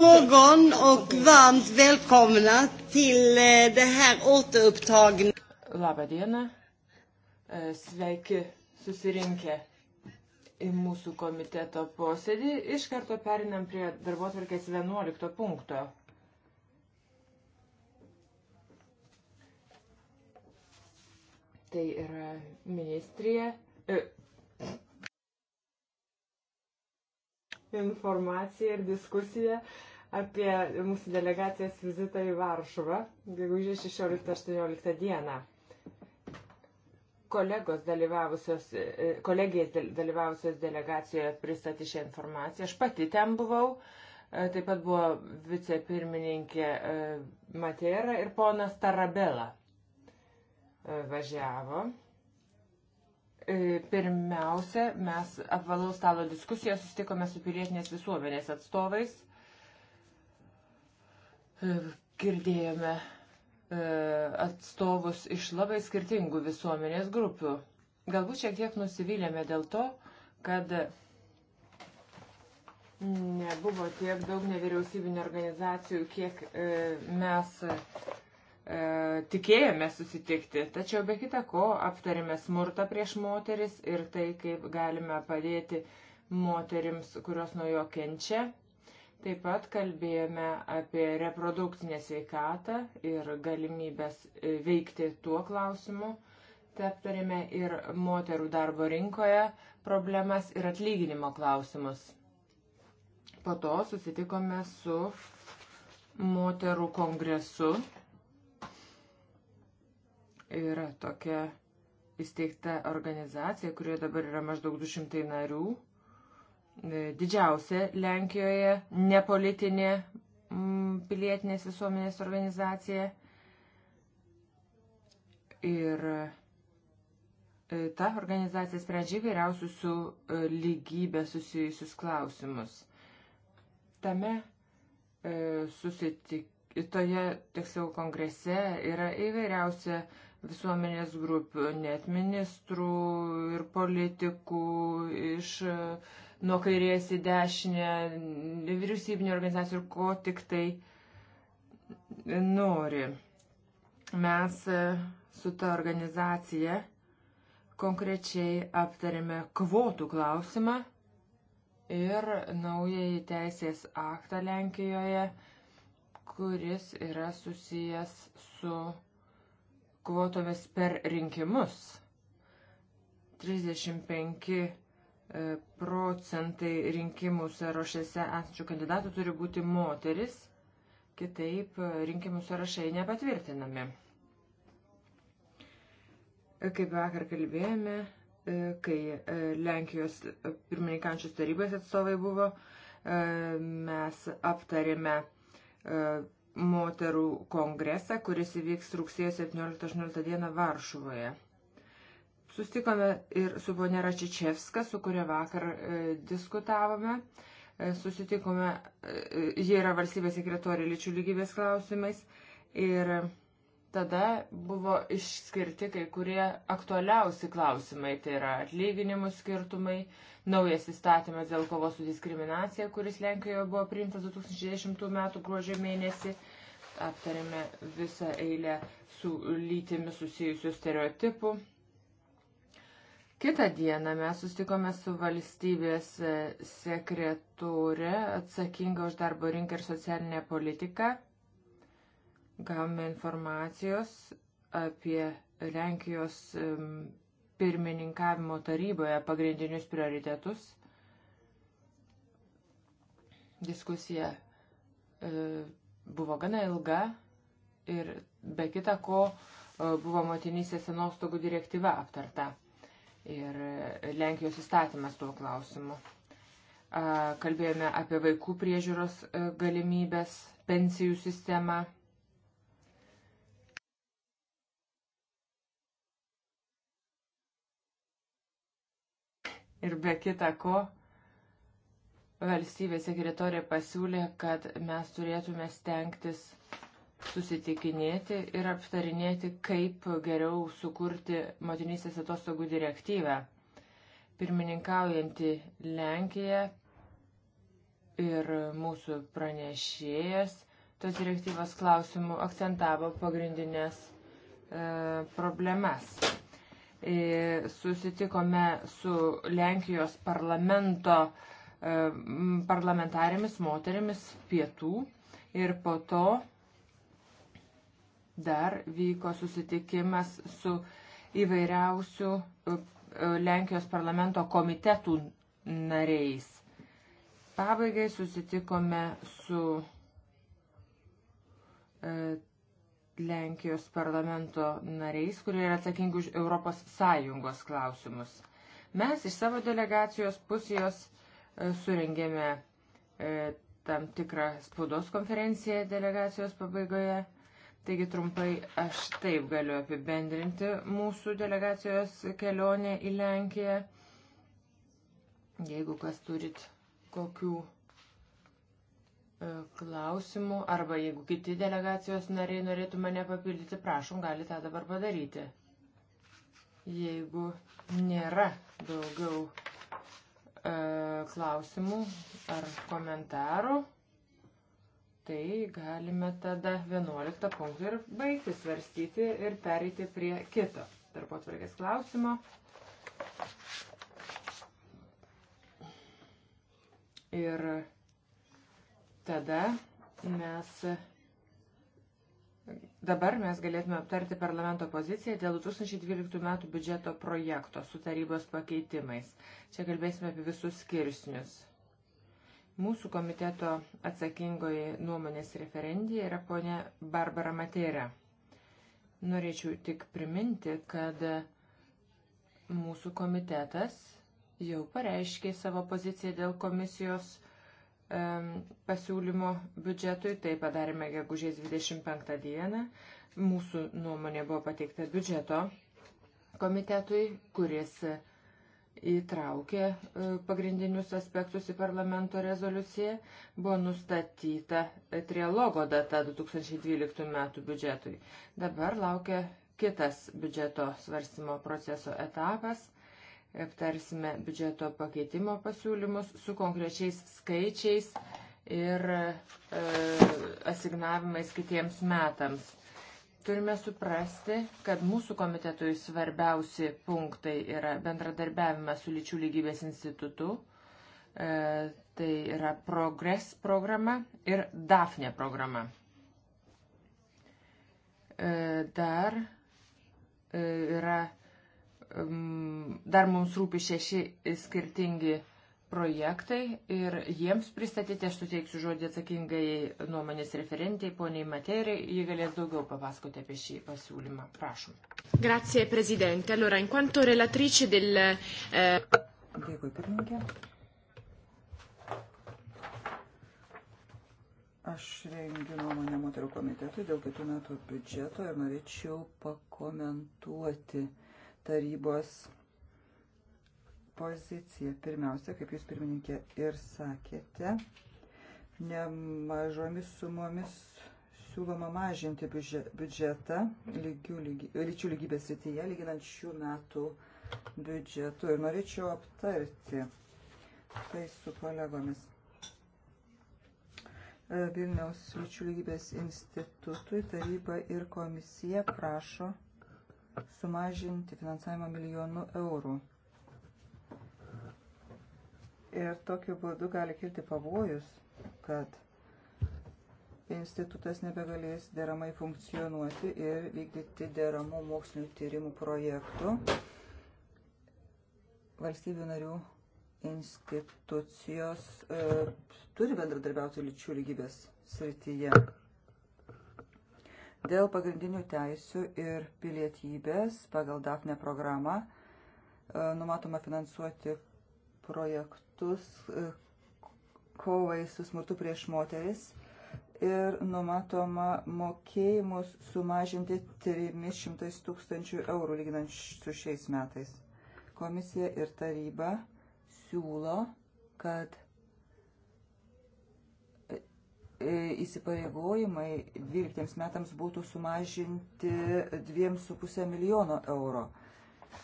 morgon och varmt välkomna till eh, det här återupptagna. Labą dieną. E, sveiki susirinkę į mūsų komiteto posėdį. Iš karto perinam prie darbotvarkės 11 punkto. Tai yra ministrija, e, informaciją ir diskusiją apie mūsų delegacijos vizitą į Varšuvą, gegužė 16-18 dieną. Kolegos dalyvavusios, e, e, kolegijas dalyvavusios delegacijoje pristatė šią informaciją. Aš pati ten buvau, e, taip pat buvo vicepirmininkė Matera ir ponas Tarabela važiavo. E, pirmiausia, mes apvalaus stalo diskusiją susitikome su pilietinės visuomenės atstovais. E, girdėjome e, atstovus iš labai skirtingų visuomenės grupių. Galbūt šiek tiek nusivylėme dėl to, kad nebuvo tiek daug nevyriausybinio organizacijų, kiek mes E, tikėjome susitikti, tačiau be kita ko aptarėme smurtą prieš moteris ir tai, kaip galime padėti moterims, kurios nuo jo kenčia. Taip pat kalbėjome apie reprodukcinę sveikatą ir galimybės e, veikti tuo klausimu. Tai aptarėme ir moterų darbo rinkoje problemas ir atlyginimo klausimus. Po to susitikome su moterų kongresu Yra tokia įsteigta organizacija, kurioje dabar yra maždaug 200 narių. E, didžiausia Lenkijoje nepolitinė pilietinės visuomenės organizacija. Ir e, ta organizacija sprendžia įvairiausius su e, lygybė susijusius klausimus. Tame susitik, toje, tiksliau, kongrese yra įvairiausia uh, visuomenės grupių, net ministrų ir politikų iš e, nuo kairės į dešinę, vyriausybinio organizacijų ir ko tik tai nori. Mes e, su ta organizacija konkrečiai aptarėme kvotų klausimą ir naująjį teisės aktą Lenkijoje, kuris yra susijęs su kvotomis per rinkimus. 35 e, procentai rinkimų sąrašėse esančių kandidatų turi būti moteris, kitaip e, rinkimų sąrašai nepatvirtinami. E, kaip vakar kalbėjome, kai Lenkijos pirmininkančios tarybos atstovai buvo, mes aptarėme moterų kongresą, kuris įvyks rugsėjo 17-18 dieną Varšuvoje. Sustikome ir su ponė Račičevska, su kuria vakar e, diskutavome. E, susitikome, e, jie yra valstybės sekretorė lyčių lygybės klausimais. Ir e, Tada buvo išskirti kai kurie aktualiausi klausimai, tai yra atlyginimų skirtumai, naujas įstatymas dėl kovos su diskriminacija, kuris Lenkijoje buvo priimtas 2010 m. gruodžio mėnesį. Aptarėme visą eilę su lytimi susijusių stereotipų. Kita diena mes sustikome su valstybės e, sekretūre atsakinga už darbo rinką ir socialinę politiką Gavome informacijos apie Lenkijos pirmininkavimo taryboje pagrindinius prioritetus. Diskusija e, buvo gana ilga ir be kita ko e, buvo motinysės senostogų direktyva aptarta ir e, Lenkijos įstatymas tuo klausimu. Kalbėjome apie vaikų priežiūros galimybės, pensijų sistemą Ir be kita ko, valstybės sekretorė pasiūlė, kad mes turėtume stengtis susitikinėti ir aptarinėti, kaip geriau sukurti motinystės atostogų direktyvę. Pirmininkaujanti Lenkija ir mūsų pranešėjas tos direktyvos klausimų akcentavo pagrindinės e, problemas. E, susitikome su Lenkijos parlamento e, parlamentarėmis moterimis pietų ir po to dar vyko susitikimas su įvairiausių e, Lenkijos parlamento komitetų nariais. Pabaigai susitikome su Lenkijos parlamento nariais, kurie yra atsakingi už Europos Sąjungos klausimus. Mes iš savo delegacijos pusės e, surengėme e, tam tikrą spaudos konferenciją delegacijos pabaigoje. Taigi trumpai aš taip galiu apibendrinti mūsų delegacijos kelionę į Lenkiją. Jeigu kas turit kokių E, klausimų, arba jeigu kiti delegacijos nariai norėtų mane papildyti, prašom, gali tą dabar padaryti. Jeigu nėra daugiau e, klausimų ar komentarų, tai galime tada 11 punktą ir baigti svarstyti ir pereiti prie kito darbo tvarkės klausimo. Ir Tada mes. Dabar mes galėtume aptarti parlamento poziciją dėl 2012 metų biudžeto projekto su tarybos pakeitimais. Čia kalbėsime apie visus skirsnius. Mūsų komiteto atsakingoji nuomonės referendija yra ponė Barbara Matėra. Norėčiau tik priminti, kad mūsų komitetas jau pareiškė savo poziciją dėl komisijos pasiūlymų biudžetui, tai padarėme gegužės 25 dieną. Mūsų nuomonė buvo pateikta biudžeto komitetui, kuris įtraukė e, pagrindinius aspektus į parlamento rezoliuciją, buvo nustatyta e, trialogo data 2012 metų biudžetui. Dabar laukia kitas biudžeto svarstymo proceso etapas aptarsime biudžeto pakeitimo pasiūlymus su konkrečiais skaičiais ir e, asignavimais kitiems metams. Turime suprasti, kad mūsų komitetui svarbiausi punktai yra bendradarbiavimas su lyčių lygybės institutu, e, tai yra Progress programa ir DAFNE programa. E, dar e, yra e, Dar mums rūpi šeši skirtingi projektai ir jiems pristatyti aš suteiksiu žodį atsakingai nuomonės referentiai, poniai Materi, ji galės daugiau papasakoti apie šį pasiūlymą. Prašom. Grazie, prezidente. Allora, in quanto relatrice del... Eh... Dėkui, pirmininkė. Aš rengiu nuomonę moterų komitetui dėl kitų metų biudžeto ir norėčiau pakomentuoti uh, tarybos poziciją. Pirmiausia, kaip jūs pirmininkė ir sakėte, nemažomis sumomis siūloma mažinti biudžetą lygių, lygi, lyčių lygybės srityje, lyginant šių metų biudžetu. Ir norėčiau aptarti tai su kolegomis. Vilniaus lyčių lygybės institutui taryba ir komisija prašo sumažinti finansavimą milijonų eurų. Ir tokiu būdu gali kilti pavojus, kad institutas nebegalės deramai funkcionuoti ir vykdyti deramų mokslinių tyrimų projektų valstybių narių institucijos e, turi bendradarbiauti lyčių lygybės srityje. Dėl pagrindinių teisių ir pilietybės pagal DAFNE programą e, numatoma finansuoti projektus e, kovai su smurtu prieš moteris ir numatoma mokėjimus sumažinti 300 tūkstančių eurų lyginant su šiais metais. Komisija ir taryba siūlo, kad įsipareigojimai 12 metams būtų sumažinti 2,5 milijono euro.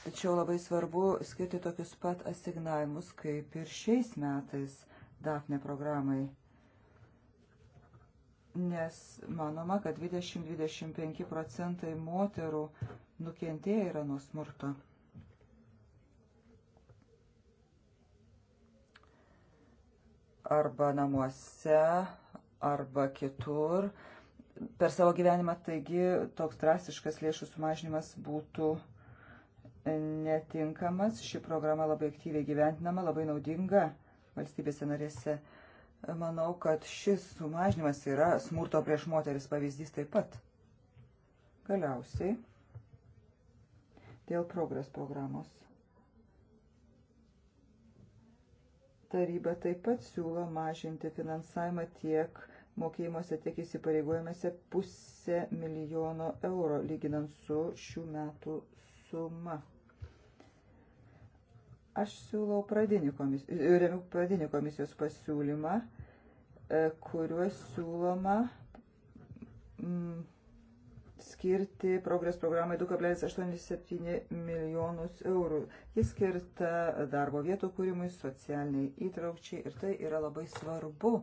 Tačiau labai svarbu skirti tokius pat asignavimus kaip ir šiais metais DAFNE programai. Nes manoma, kad 20-25 procentai moterų nukentėję yra nuo smurto. Arba namuose arba kitur per savo gyvenimą. Taigi toks drastiškas lėšų sumažinimas būtų netinkamas. Ši programa labai aktyviai gyventinama, labai naudinga valstybėse narėse. Manau, kad šis sumažinimas yra smurto prieš moteris pavyzdys taip pat. Galiausiai dėl progres programos. Taryba taip pat siūlo mažinti finansavimą tiek mokėjimuose, tiek įsipareigojimuose pusę milijono euro, lyginant su šių metų suma. Aš siūlau pradinį komisijos, remiu pradinį komisijos pasiūlymą, e, kuriuo siūloma mm, skirti progres programai 2,87 milijonus eurų. Jis skirta darbo vietų kūrimui, socialiniai įtraukčiai ir tai yra labai svarbu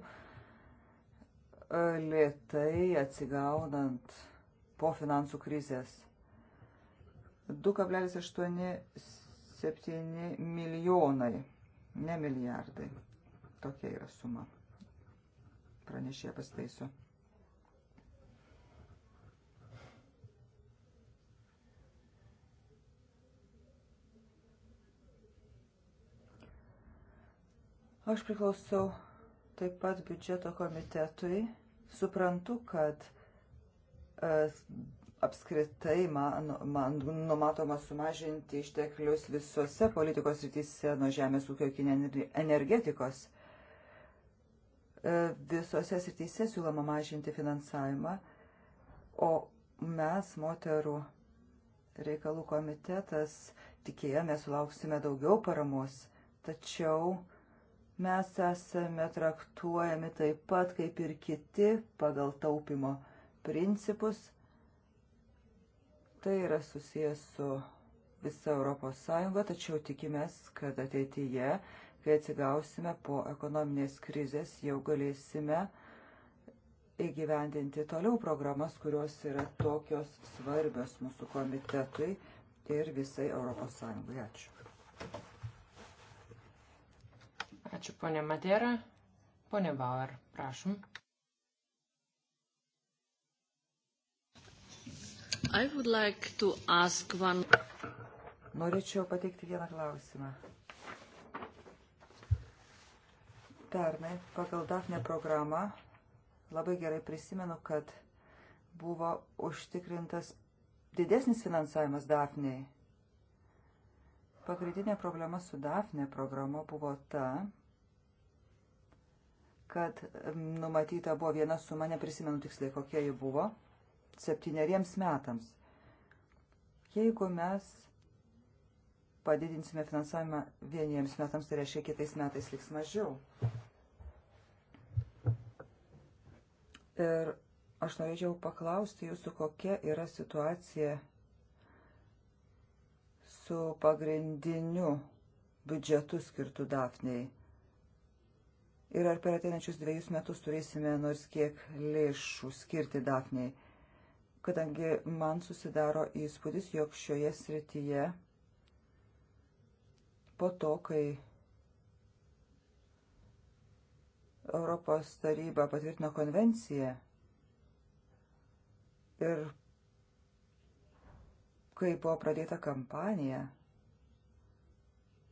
lėtai atsigaunant po finansų krizės. 2,87 milijonai, ne milijardai. Tokia yra suma. Pranešė pastaisiu. Aš priklausau taip pat biudžeto komitetui. Suprantu, kad e, apskritai man, nu, man numatoma sumažinti išteklius visose politikos rytise nuo žemės ūkio iki energetikos. E, visose srityse siūloma mažinti finansavimą, o mes, moterų reikalų komitetas, tikėjome sulauksime daugiau paramos, tačiau uh, Mes esame traktuojami taip pat kaip ir kiti pagal taupimo principus. Tai yra susijęs su visa Europos Sąjunga, tačiau tikimės, kad ateityje, kai atsigausime po ekonominės krizės, jau galėsime įgyvendinti toliau programas, kurios yra tokios svarbios mūsų komitetui ir visai Europos Sąjungai. Ačiū. Ačiū, ponė Matera. Pone Bauer, prašom. Like one... Norėčiau pateikti vieną klausimą. Pernai pagal DAFNE programą labai gerai prisimenu, kad buvo užtikrintas didesnis finansavimas DAFNEI. Pagrindinė problema su DAFNE programa buvo ta, kad numatyta buvo viena suma, neprisimenu tiksliai, kokia ji buvo, septyneriems metams. Jeigu mes padidinsime finansavimą vieniems metams, tai reiškia kitais metais liks mažiau. Ir aš norėčiau paklausti jūsų, kokia yra situacija su pagrindiniu biudžetu skirtu Dafnei ir ar per ateinančius dviejus metus turėsime nors kiek lėšų skirti Dafniai, kadangi man susidaro įspūdis, jog šioje srityje po to, kai Europos taryba patvirtino konvenciją ir kai buvo pradėta kampanija,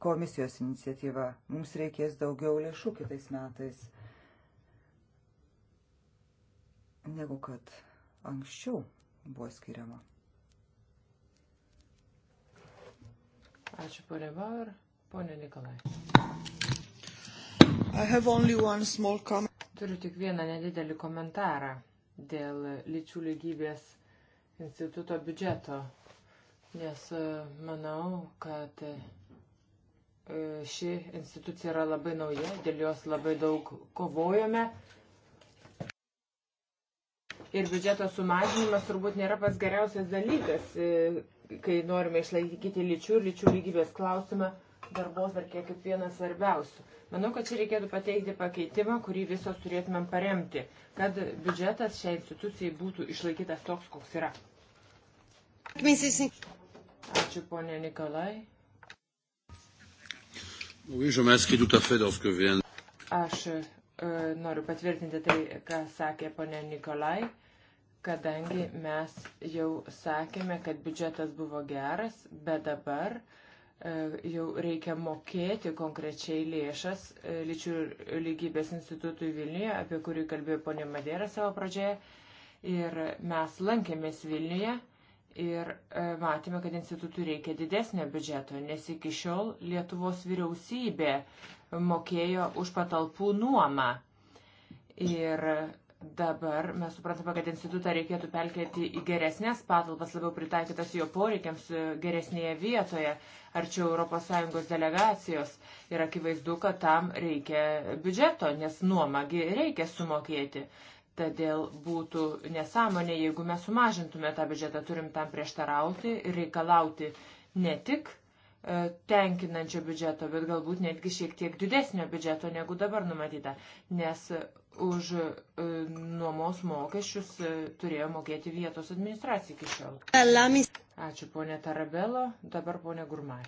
komisijos iniciatyva. Mums reikės daugiau lėšų kitais metais negu kad anksčiau buvo skiriama. Ačiū, ponė Bauer. Ponė Nikolai. Turiu tik vieną nedidelį komentarą dėl lyčių lygybės instituto biudžeto, nes e, manau, kad Ši institucija yra labai nauja, dėl jos labai daug kovojome. Ir biudžeto sumažinimas turbūt nėra pats geriausias dalykas, e, kai norime išlaikyti lyčių ir lyčių lygybės klausimą darbos ar kiek kaip vienas svarbiausių. Manau, kad čia reikėtų pateikti pakeitimą, kurį visos turėtumėm paremti, kad biudžetas šiai institucijai būtų išlaikytas toks, koks yra. Ačiū, ponė Nikolai. Aš e, noriu patvirtinti tai, ką sakė ponė Nikolai, kadangi mes jau sakėme, kad biudžetas buvo geras, bet dabar e, jau reikia mokėti konkrečiai lėšas e, lyčių lygybės institutui Vilniuje, apie kurį kalbėjo ponė Madėra savo pradžioje. Ir mes lankėmės Vilniuje ir e, matėme, kad institutui reikia didesnio biudžeto, nes iki šiol Lietuvos vyriausybė mokėjo už patalpų nuomą. Ir dabar mes suprantame, kad institutą reikėtų pelkėti į geresnės patalpas, labiau pritaikytas jo poreikiams e, geresnėje vietoje, arčiau ES delegacijos. Ir akivaizdu, kad tam reikia biudžeto, nes nuomagi reikia sumokėti. Todėl būtų nesąmonė, jeigu mes sumažintume tą biudžetą, turim tam prieštarauti ir reikalauti ne tik e, tenkinančio biudžeto, bet galbūt netgi šiek tiek didesnio biudžeto negu dabar numatyta, nes už e, nuomos mokesčius e, turėjo mokėti vietos administracija iki šiol. Ačiū ponė Tarabelo, dabar ponė Gurmai.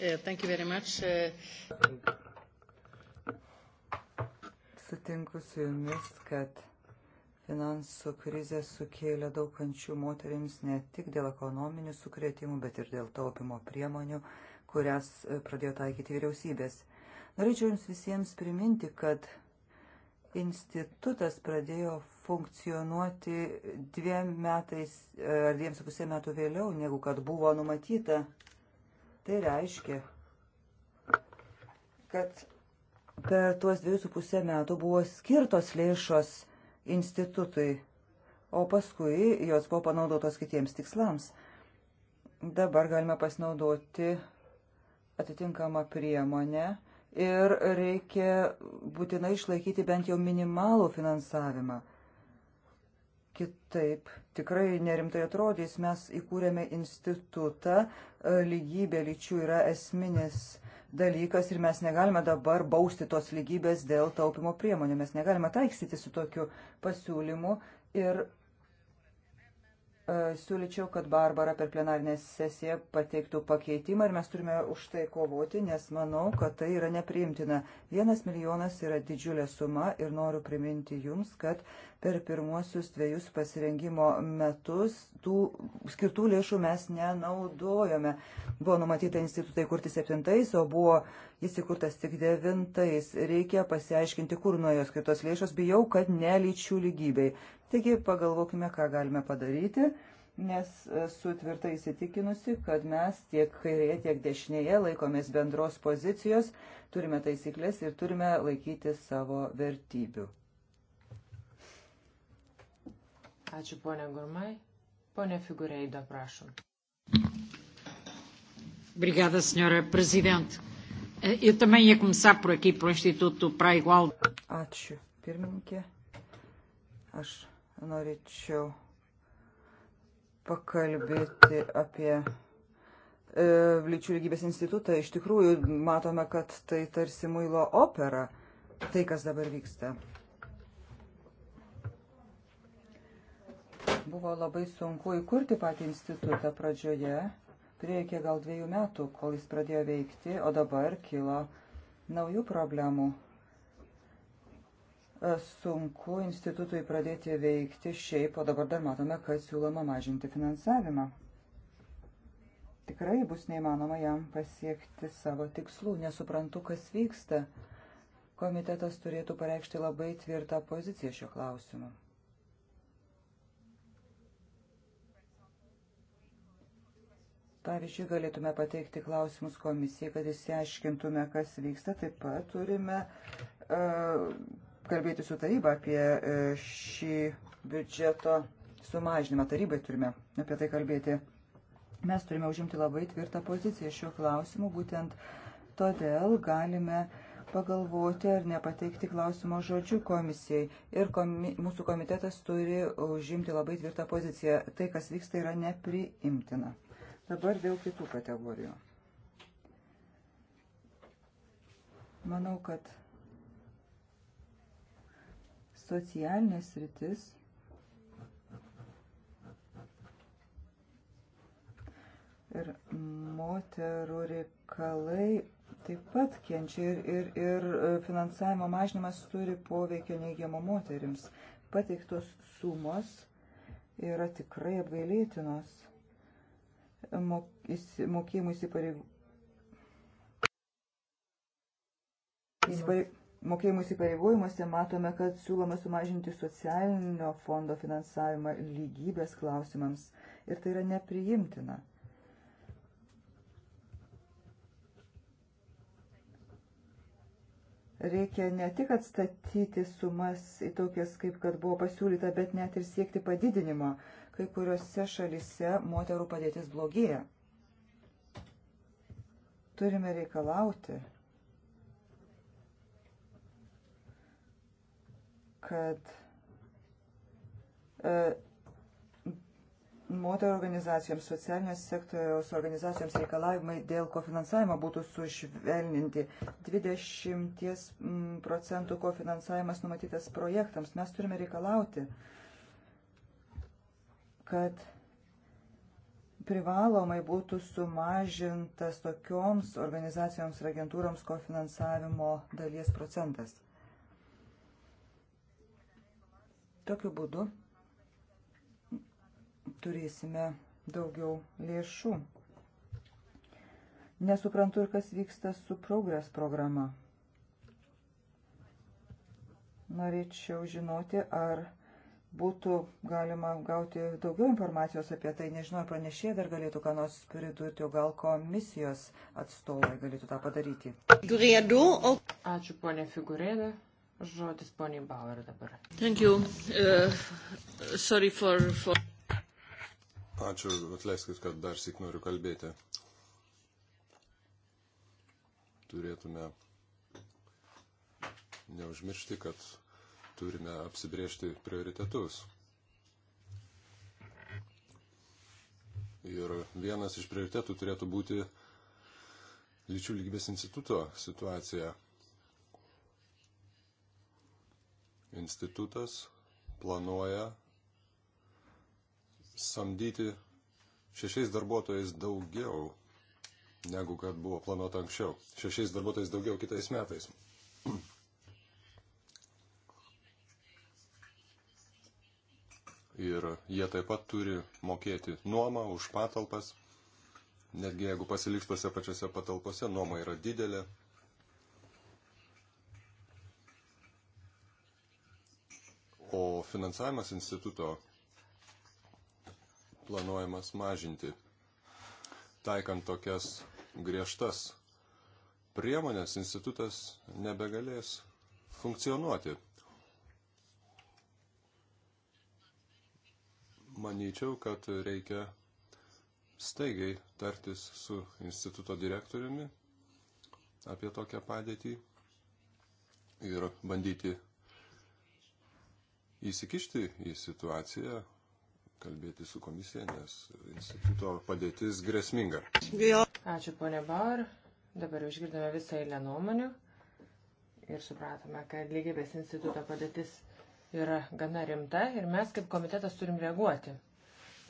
Uh, thank you very much. Uh, Sutinku su jumis, kad finansų krizė sukėlė daug kančių moterims ne tik dėl ekonominių sukretimų, bet ir dėl taupimo priemonių, kurias e, pradėjo taikyti vyriausybės. Norėčiau jums visiems priminti, kad institutas pradėjo funkcionuoti dviem metais e, ar dviem su pusė metų vėliau, negu kad buvo numatyta. Tai reiškia, kad Per tuos dviejus su pusę metų buvo skirtos lėšos institutui, o paskui jos buvo panaudotos kitiems tikslams. Dabar galime pasinaudoti atitinkamą priemonę ir reikia būtinai išlaikyti bent jau minimalų finansavimą. Kitaip tikrai nerimtai atrodys, mes įkūrėme institutą, lygybė lyčių yra esminis dalykas ir mes negalime dabar bausti tos lygybės dėl taupimo priemonių. Mes negalime taikstyti su tokiu pasiūlymu ir e, siūlyčiau, kad Barbara per plenarinę sesiją pateiktų pakeitimą ir mes turime už tai kovoti, nes manau, kad tai yra nepriimtina. Vienas milijonas yra didžiulė suma ir noriu priminti jums, kad Per pirmuosius dviejus pasirengimo metus tų skirtų lėšų mes nenaudojome. Buvo numatyta institutai kurti septintais, o buvo jis įkurtas tik devintais. Reikia pasiaiškinti, kur nuo jos skirtos lėšos. Bijau, kad nelyčių lygybei. Taigi pagalvokime, ką galime padaryti nes esu tvirtai įsitikinusi, kad mes tiek kairėje, tiek dešinėje laikomės bendros pozicijos, turime taisyklės ir turime laikyti savo vertybių. Ačiū ponia Gurmai. Pone Figureido, prašom. Obrigada, senhora presidente. Eu também ia começar por aqui, para o um Instituto para a Igualdade. Ačiū, pirmininkė. Aš norėčiau pakalbėti apie e, Lyčių lygybės institutą. Iš tikrųjų, matome, kad tai tarsi muilo opera, tai, kas dabar vyksta. buvo labai sunku įkurti patį institutą pradžioje. Prireikė gal dviejų metų, kol jis pradėjo veikti, o dabar kilo naujų problemų. E, sunku institutui pradėti veikti šiaip, o dabar dar matome, kad siūloma mažinti finansavimą. Tikrai bus neįmanoma jam pasiekti savo tikslų. Nesuprantu, kas vyksta. Komitetas turėtų pareikšti labai tvirtą poziciją šio klausimu. Pavyzdžiui, galėtume pateikti klausimus komisijai, kad įsiaiškintume, kas vyksta. Taip pat turime uh, kalbėti su taryba apie uh, šį biudžeto sumažinimą. Tarybai turime apie tai kalbėti. Mes turime užimti labai tvirtą poziciją šiuo klausimu. Būtent todėl galime pagalvoti ar nepateikti klausimo žodžių komisijai. Ir komi mūsų komitetas turi užimti labai tvirtą poziciją. Tai, kas vyksta, yra nepriimtina. Dabar dėl kitų kategorijų. Manau, kad socialinės rytis ir moterų reikalai taip pat kenčia ir, ir, ir finansavimo mažinimas turi poveikio neigiamo moterims. Pateiktos sumos yra tikrai apgailėtinos mokėjimų įsipareigojimuose matome, kad siūloma sumažinti socialinio fondo finansavimą lygybės klausimams ir tai yra nepriimtina. Reikia ne tik atstatyti sumas į tokias, kaip kad buvo pasiūlyta, bet net ir siekti padidinimo. Uh, Kai kuriuose šalise moterų padėtis blogėja. Turime reikalauti, kad e, moterų organizacijoms, socialinės sektoriaus organizacijoms reikalavimai dėl kofinansavimo būtų sušvelninti. 20 procentų kofinansavimas numatytas projektams. Mes turime reikalauti, kad privalomai būtų sumažintas tokioms organizacijoms ir agentūroms kofinansavimo dalies procentas. Tokiu būdu turėsime daugiau lėšų. Nesuprantu ir kas vyksta su progres programa. Norėčiau žinoti, ar būtų galima gauti daugiau informacijos apie tai. Nežinau, pranešėjai dar galėtų ką nors pridurti, o gal komisijos atstovai galėtų tą padaryti. Ačiū, ponė Figurėda. Žodis poniai Bauer dabar. Thank you. Uh, sorry for, for... Ačiū, atleiskit, kad dar sik noriu kalbėti. Turėtume neužmiršti, kad turime apsibriežti prioritetus. Ir vienas iš prioritetų turėtų būti lyčių lygybės instituto situacija. Institutas planuoja samdyti šešiais darbuotojais daugiau negu kad buvo planuota anksčiau. Šešiais darbuotojais daugiau kitais metais. ir jie taip pat turi mokėti nuomą už patalpas. Netgi jeigu pasiliks tose pačiose patalpose, nuoma yra didelė. O finansavimas instituto planuojamas mažinti, taikant tokias griežtas priemonės institutas nebegalės funkcionuoti. manyčiau, kad reikia staigiai tartis su instituto direktoriumi apie tokią padėtį ir bandyti įsikišti į situaciją, kalbėti su komisija, nes instituto padėtis grėsminga. Ačiū, ponė Bauer. Dabar išgirdome visą eilę nuomonių ir supratome, kad lygybės instituto padėtis yra gana rimta ir mes kaip komitetas turim reaguoti.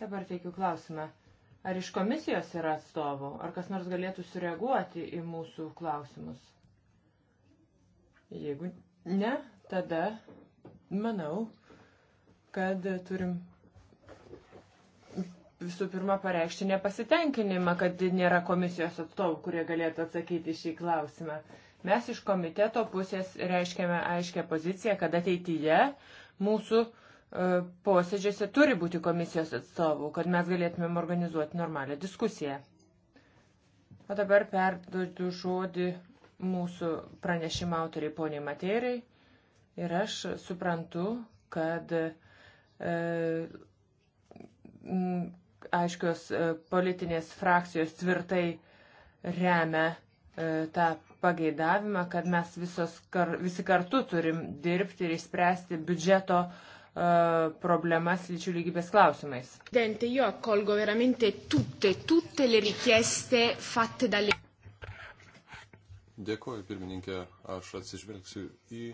Dabar teikiu klausimą. Ar iš komisijos yra atstovų, ar kas nors galėtų sureaguoti į mūsų klausimus? Jeigu ne, tada manau, kad turim visų pirma pareikšti nepasitenkinimą, kad nėra komisijos atstovų, kurie galėtų atsakyti šį klausimą. Mes iš komiteto pusės reiškiame aiškę poziciją, kad ateityje mūsų e, posėdžiuose turi būti komisijos atstovų, kad mes galėtumėm organizuoti normalią diskusiją. O dabar perduodu žodį mūsų pranešimo autoriai poniai Materijai. Ir aš suprantu, kad e, aiškios e, politinės frakcijos tvirtai remia e, tą pageidavimą, kad mes visos, kar, visi kartu turim dirbti ir išspręsti biudžeto uh, problemas lyčių lygybės klausimais. Dėkuoju, pirmininkė, aš atsižvelgsiu į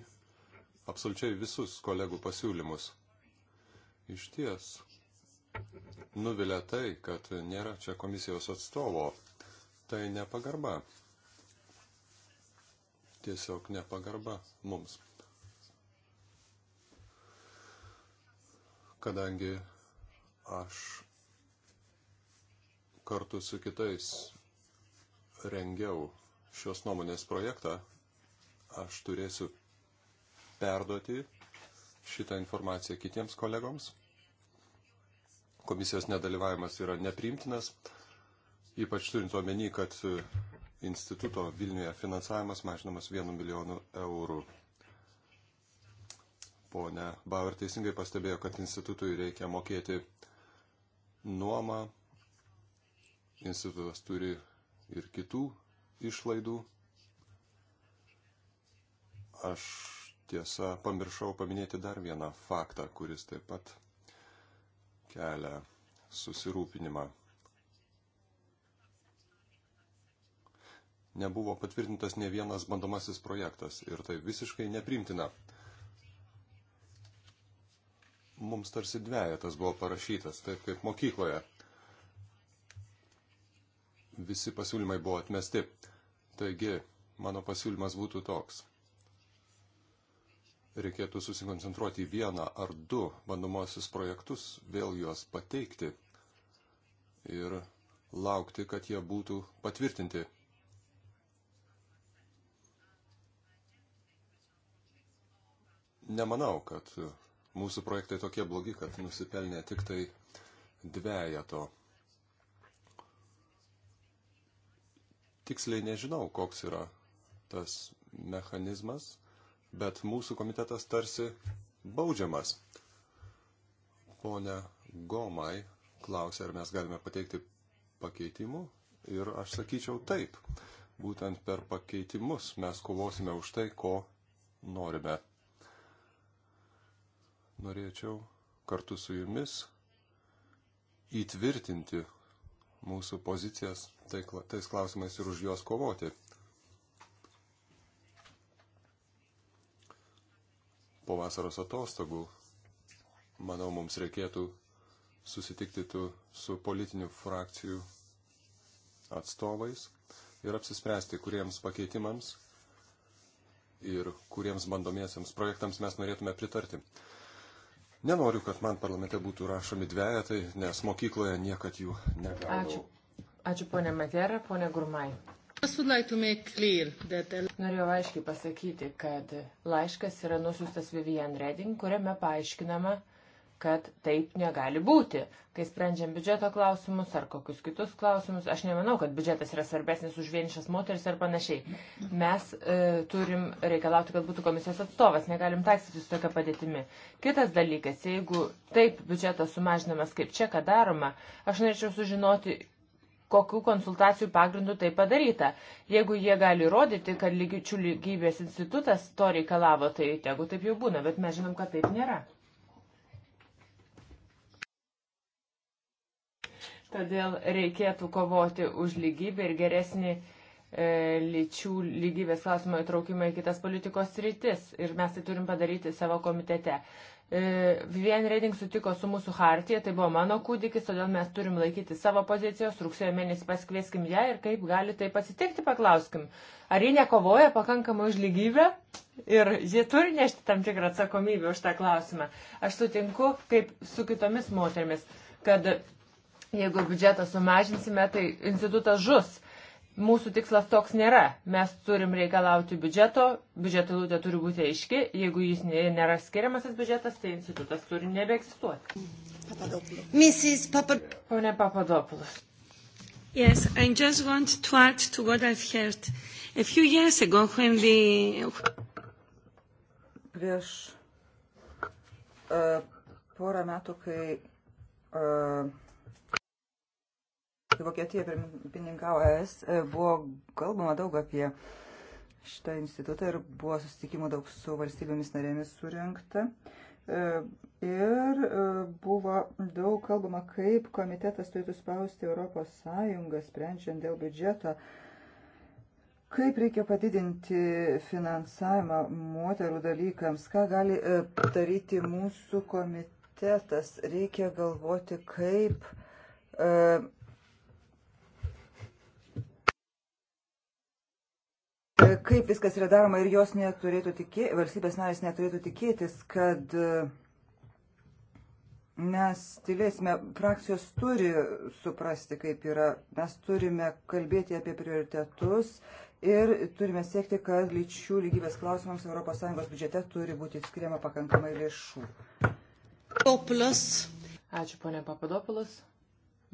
absoliučiai visus kolegų pasiūlymus. Iš ties, nuvilia tai, kad nėra čia komisijos atstovo. Tai nepagarba tiesiog nepagarba mums. Kadangi aš kartu su kitais rengiau šios nuomonės projektą, aš turėsiu perduoti šitą informaciją kitiems kolegoms. Komisijos nedalyvavimas yra nepriimtinas, ypač turint omeny, kad instituto Vilniuje finansavimas mažinamas 1 milijonu eurų. Pone Bauer teisingai pastebėjo, kad institutui reikia mokėti nuomą, institutas turi ir kitų išlaidų. Aš tiesa pamiršau paminėti dar vieną faktą, kuris taip pat kelia susirūpinimą. nebuvo patvirtintas ne vienas bandomasis projektas ir tai visiškai neprimtina. Mums tarsi dviejatas buvo parašytas, taip kaip mokykloje. Visi pasiūlymai buvo atmesti. Taigi, mano pasiūlymas būtų toks. Reikėtų susikoncentruoti į vieną ar du bandomosius projektus, vėl juos pateikti ir laukti, kad jie būtų patvirtinti Nemanau, kad mūsų projektai tokie blogi, kad nusipelnė tik tai dviejato. Tiksliai nežinau, koks yra tas mechanizmas, bet mūsų komitetas tarsi baudžiamas. Pone Gomai klausė, ar mes galime pateikti pakeitimų ir aš sakyčiau taip. Būtent per pakeitimus mes kovosime už tai, ko norime norėčiau kartu su jumis įtvirtinti mūsų pozicijas tai tais klausimais ir už juos kovoti. Po vasaros atostogų, manau, mums reikėtų susitikti su politinių frakcijų atstovais ir apsispręsti, kuriems pakeitimams ir kuriems bandomiesiams projektams mes norėtume pritarti. Nenoriu, kad man parlamente būtų rašomi dvejetai, nes mokykloje niekad jų negaunu. Ačiū. Ačiū ponė Matera, ponė Gurmai. Norėjau aiškiai pasakyti, kad laiškas yra nusiustas Vivian Reding, kuriame paaiškinama, kad taip negali būti, kai sprendžiam biudžeto klausimus ar kokius kitus klausimus. Aš nemanau, kad biudžetas yra svarbesnis už vienišas moteris ar panašiai. Mes e, turim reikalauti, kad būtų komisijos atstovas, negalim taikstyti su tokia padėtimi. Kitas dalykas, jeigu taip biudžetas sumažinamas, kaip čia, ką daroma, aš norėčiau sužinoti, kokiu konsultacijų pagrindu tai padaryta. Jeigu jie gali įrodyti, kad lygių lygybės institutas to reikalavo, tai tegu taip jau būna, bet mes žinom, kad taip nėra. Todėl reikėtų kovoti už lygybę ir geresnį e, lyčių lygybės klausimo įtraukimą į kitas politikos rytis. Ir mes tai turim padaryti savo komitete. E, Vivian Reding sutiko su mūsų hartija, tai buvo mano kūdikis, todėl mes turim laikyti savo pozicijos. Rugsėjo mėnesį paskvieskim ją ir kaip gali tai pasitikti, paklauskim. Ar ji nekovoja pakankamai už lygybę? Ir jie turi nešti tam tikrą atsakomybę už tą klausimą. Aš sutinku, kaip su kitomis moterimis, kad Jeigu biudžetą sumažinsime, tai institutas žus. Mūsų tikslas toks nėra. Mes turim reikalauti biudžeto, biudžeto lūtė turi būti aiški, jeigu jis nėra skiriamasis biudžetas, tai institutas turi nebeegzistuoti. Papadopoulos. Mrs. Papadopoulos. Pone Papadopoulos. Yes, I just want to add to what I've heard. A few years ago when the... Prieš uh, porą metų, kai uh, Kai Vokietija pirmininkavo ES, e, buvo kalbama daug apie šitą institutą ir buvo susitikimų daug su valstybėmis narėmis surinkta. E, ir e, buvo daug kalbama, kaip komitetas turėtų spausti Europos Sąjungą, sprendžiant dėl biudžeto, kaip reikia padidinti finansavimą moterų dalykams, ką gali daryti mūsų komitetas. Reikia galvoti, kaip E, kaip viskas yra daroma ir jos neturėtų tikėti, valstybės narės neturėtų tikėtis, kad e, mes tylėsime, frakcijos turi suprasti, kaip yra, mes turime kalbėti apie prioritetus ir turime siekti, kad lyčių lygybės klausimams ES biudžete turi būti skiriama pakankamai lėšų. Populas. Ačiū, ponė Papadopulas.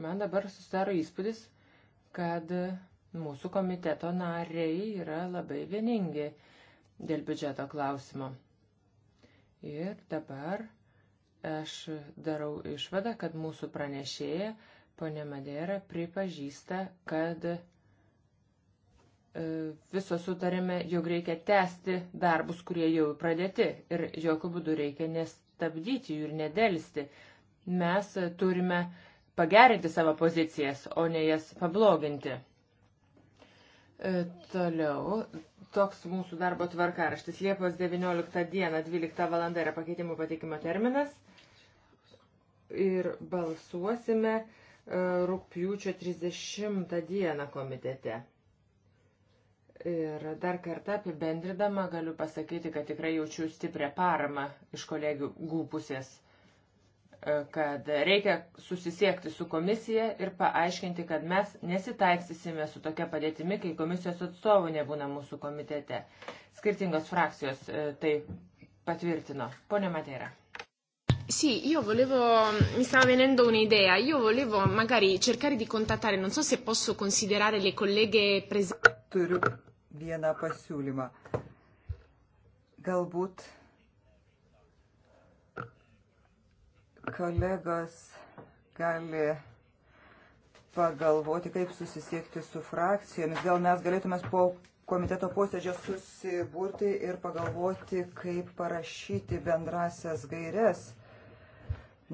Man dabar susidaro įspūdis, kad Mūsų komiteto nariai yra labai vieningi dėl biudžeto klausimo. Ir dabar aš darau išvadą, kad mūsų pranešėja ponė Madera pripažįsta, kad e, viso sutarėme, jog reikia tęsti darbus, kurie jau pradėti ir jokių būdų reikia nestabdyti jų ir nedelsti. Mes turime pagerinti savo pozicijas, o ne jas pabloginti. E, toliau, toks mūsų darbo tvarkaraštis. Liepos 19 dieną 12 val. yra pakeitimų pateikimo terminas. Ir balsuosime e, rūpjūčio 30 dieną komitete. Ir dar kartą apibendridama galiu pasakyti, kad tikrai jaučiu stiprią paramą iš kolegių gūpusės. pusės kad reikia susisiekti su komisija ir paaiškinti, kad mes nesitaiksysime su tokia padėtimi, kai komisijos atstovų nebūna mūsų komitete. Skirtingos frakcijos e, tai patvirtino. Pone Mateira. Sì, io volevo, mi stava venendo un'idea, io volevo magari cercare di contattare, non so se posso considerare le colleghe presenti. Turiu vieną pasiūlymą. Galbūt Kolegos gali pagalvoti, kaip susisiekti su frakcijomis. Gal mes galėtume po komiteto posėdžio susiburti ir pagalvoti, kaip parašyti bendrasias gairias.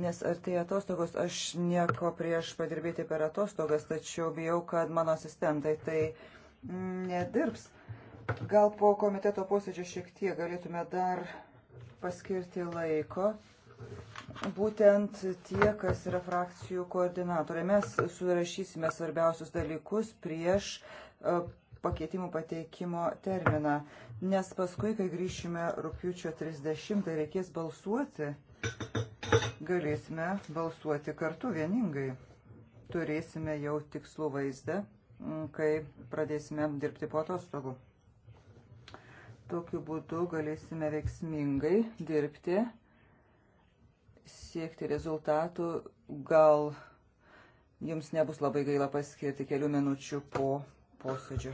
Nes artėja atostogos, aš nieko prieš padirbėti per atostogas, tačiau bijau, kad mano asistentai tai nedirbs. Gal po komiteto posėdžio šiek tiek galėtume dar paskirti laiko būtent tie, kas yra frakcijų koordinatoriai. Mes surašysime svarbiausius dalykus prieš e, pakeitimų pateikimo terminą, nes paskui, kai grįšime rūpiučio 30, tai reikės balsuoti, galėsime balsuoti kartu vieningai. Turėsime jau tikslų vaizdą, kai pradėsime dirbti po atostogų. Tokiu būdu galėsime veiksmingai dirbti siekti rezultatų, gal jums nebus labai gaila paskirti kelių minučių po posėdžio.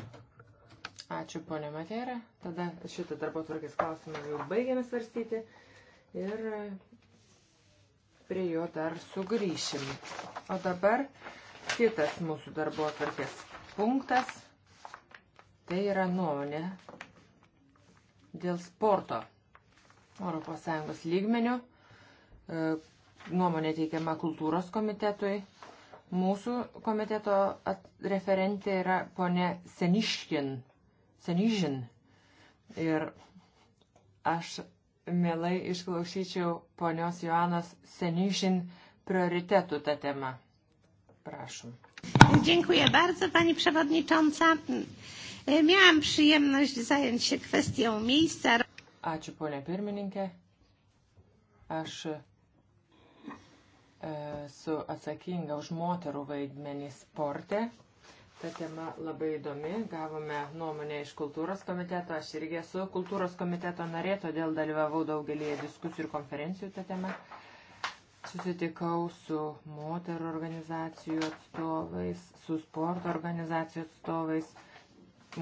Ačiū, ponė Matera. Tada šitą darbo tvarkės klausimą jau baigėme svarstyti ir prie jo dar sugrįšim. O dabar kitas mūsų darbo tvarkės punktas. Tai yra nuomonė dėl sporto Europos Sąjungos lygmenių. E, nuomonė teikiama kultūros komitetui. Mūsų komiteto referentė yra ponė Seniškin. Senižin. Ir aš mielai išklausyčiau ponios Joanos Senižin prioritetų tą temą. Prašom. Dziękuję bardzo Pani Przewodnicząca. E, miałam przyjemność zająć się kwestią miejsca. Ačiū, ponia pirmininkė. Aš E, su atsakinga už moterų vaidmenį sporte. Ta tema labai įdomi. Gavome nuomonę iš kultūros komiteto. Aš irgi esu kultūros komiteto narė, todėl dalyvavau daugelį diskusijų ir konferencijų tą temą. Susitikau su moterų organizacijų atstovais, su sporto organizacijų atstovais,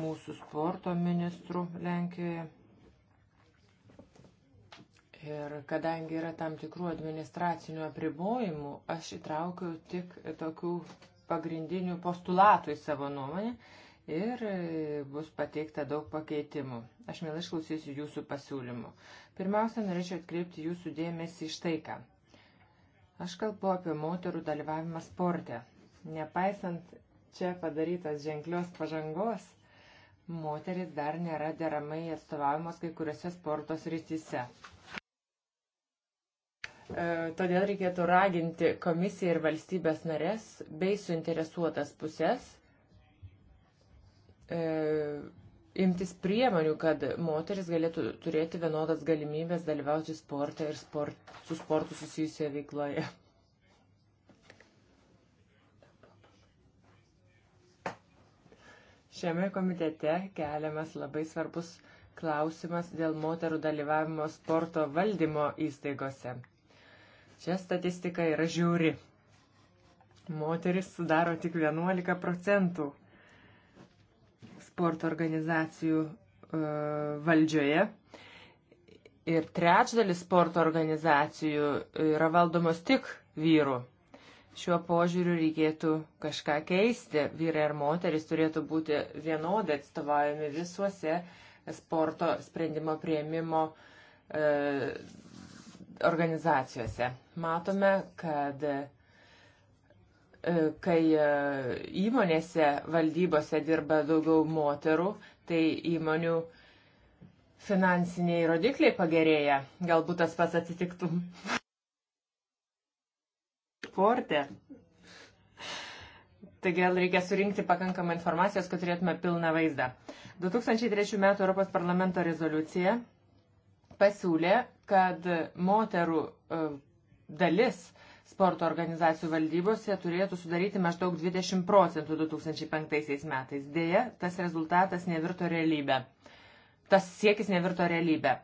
mūsų sporto ministru Lenkijoje Ir kadangi yra tam tikrų administracinių apribojimų, aš įtraukiau tik tokių pagrindinių postulatų į savo nuomonę ir e, bus pateikta daug pakeitimų. Aš mielai išklausysiu jūsų pasiūlymų. Pirmiausia, norėčiau atkreipti jūsų dėmesį iš tai, ką. Aš kalbu apie moterų dalyvavimą sporte. Nepaisant čia padarytas ženklios pažangos, moteris dar nėra deramai atstovavimas kai kuriuose sporto srityse. E, todėl reikėtų raginti komisiją ir valstybės narės bei suinteresuotas pusės e, imtis priemonių, kad moteris galėtų turėti vienodas galimybės dalyvauti sporte ir sport, su sportu susijusioje veikloje. Šiame komitete keliamas labai svarbus klausimas dėl moterų dalyvavimo sporto valdymo įstaigose. Čia statistika yra žiauri. Moteris sudaro tik 11 procentų sporto organizacijų e, valdžioje. Ir trečdalis sporto organizacijų yra valdomos tik vyrų. Šiuo požiūriu reikėtų kažką keisti. Vyrai ir moteris turėtų būti vienodai atstovaujami visuose sporto sprendimo prieimimo e, organizacijose. Matome, kad e, kai e, įmonėse valdybose dirba daugiau moterų, tai įmonių finansiniai rodikliai pagerėja. Galbūt tas pats atsitiktų. Sportė. Taigi gal reikia surinkti pakankamą informacijos, kad turėtume pilną vaizdą. 2003 m. Europos parlamento rezoliucija pasiūlė kad moterų e, dalis sporto organizacijų valdybose turėtų sudaryti maždaug 20 procentų 2005 metais. Deja, tas rezultatas nevirto realybę. Tas siekis nevirto realybę.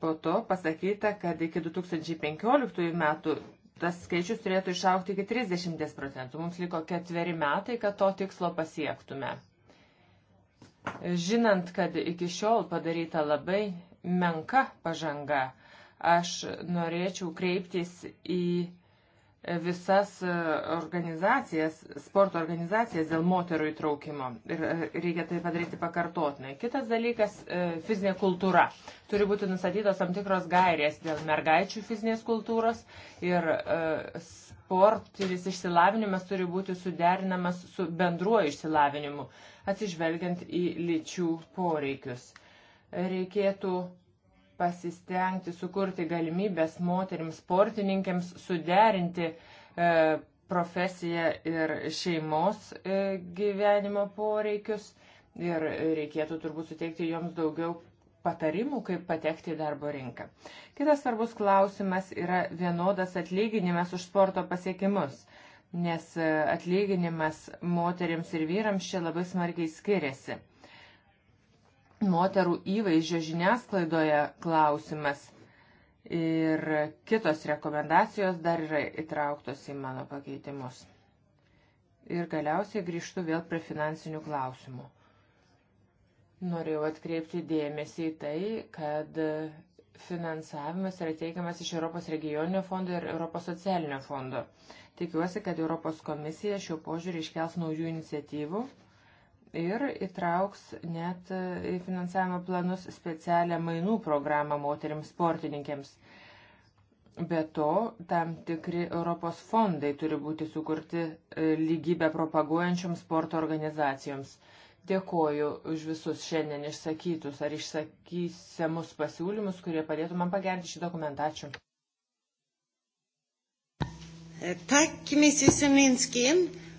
Po to pasakyta, kad iki 2015 metų tas skaičius turėtų išaukti iki 30 procentų. Mums liko ketveri metai, kad to tikslo pasiektume. Žinant, kad iki šiol padaryta labai menka pažanga, Aš norėčiau kreiptis į visas organizacijas, sporto organizacijas dėl moterų įtraukimo. Ir e, reikia tai padaryti pakartotinai. Kitas dalykas e, - fizinė kultūra. Turi būti nustatytos tam tikros gairės dėl mergaičių fizinės kultūros ir e, sportinis išsilavinimas turi būti suderinamas su bendruoju išsilavinimu, atsižvelgiant į lyčių poreikius. Reikėtų pasistengti sukurti galimybės moteriams sportininkėms suderinti e, profesiją ir šeimos e, gyvenimo poreikius. Ir reikėtų turbūt suteikti joms daugiau patarimų, kaip patekti į darbo rinką. Kitas svarbus klausimas yra vienodas atlyginimas už sporto pasiekimus, nes e, atlyginimas moteriams ir vyrams čia labai smarkiai skiriasi moterų įvaizdžio žiniasklaidoje klausimas ir kitos rekomendacijos dar yra įtrauktos į mano pakeitimus. Ir galiausiai grįžtu vėl prie finansinių klausimų. Norėjau atkreipti dėmesį į tai, kad finansavimas yra teikiamas iš Europos regioninio fondo ir Europos socialinio fondo. Tikiuosi, kad Europos komisija šiuo požiūrį iškels naujų iniciatyvų ir įtrauks net į finansavimo planus specialią mainų programą moteriams sportininkėms. Be to, tam tikri Europos fondai turi būti sukurti e, lygybę propaguojančioms sporto organizacijoms. Dėkoju už visus šiandien išsakytus ar išsakysiamus pasiūlymus, kurie padėtų man pagerinti šį dokumentą. Ačiū. E, Tack, Mrs. Seminski.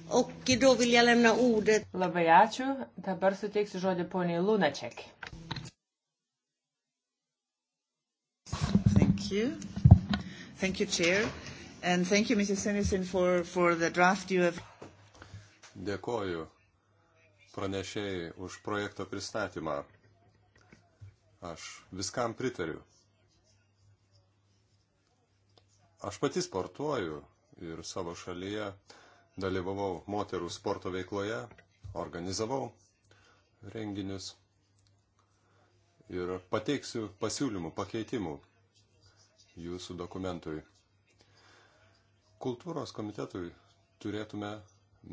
Och då vill jag lämna ordet. Labai ačiū. Dabar suteiksiu žodį poniai Lunaček. Thank you. Thank you, Chair. And thank you, Mrs. Sennison, for, for the draft you have. Dėkoju pranešėjai už projekto pristatymą. Aš viskam pritariu. Aš pati sportuoju ir savo šalyje uh, dalyvavau moterų sporto veikloje, organizavau renginius ir pateiksiu pasiūlymų, pakeitimų jūsų dokumentui. Kultūros komitetui turėtume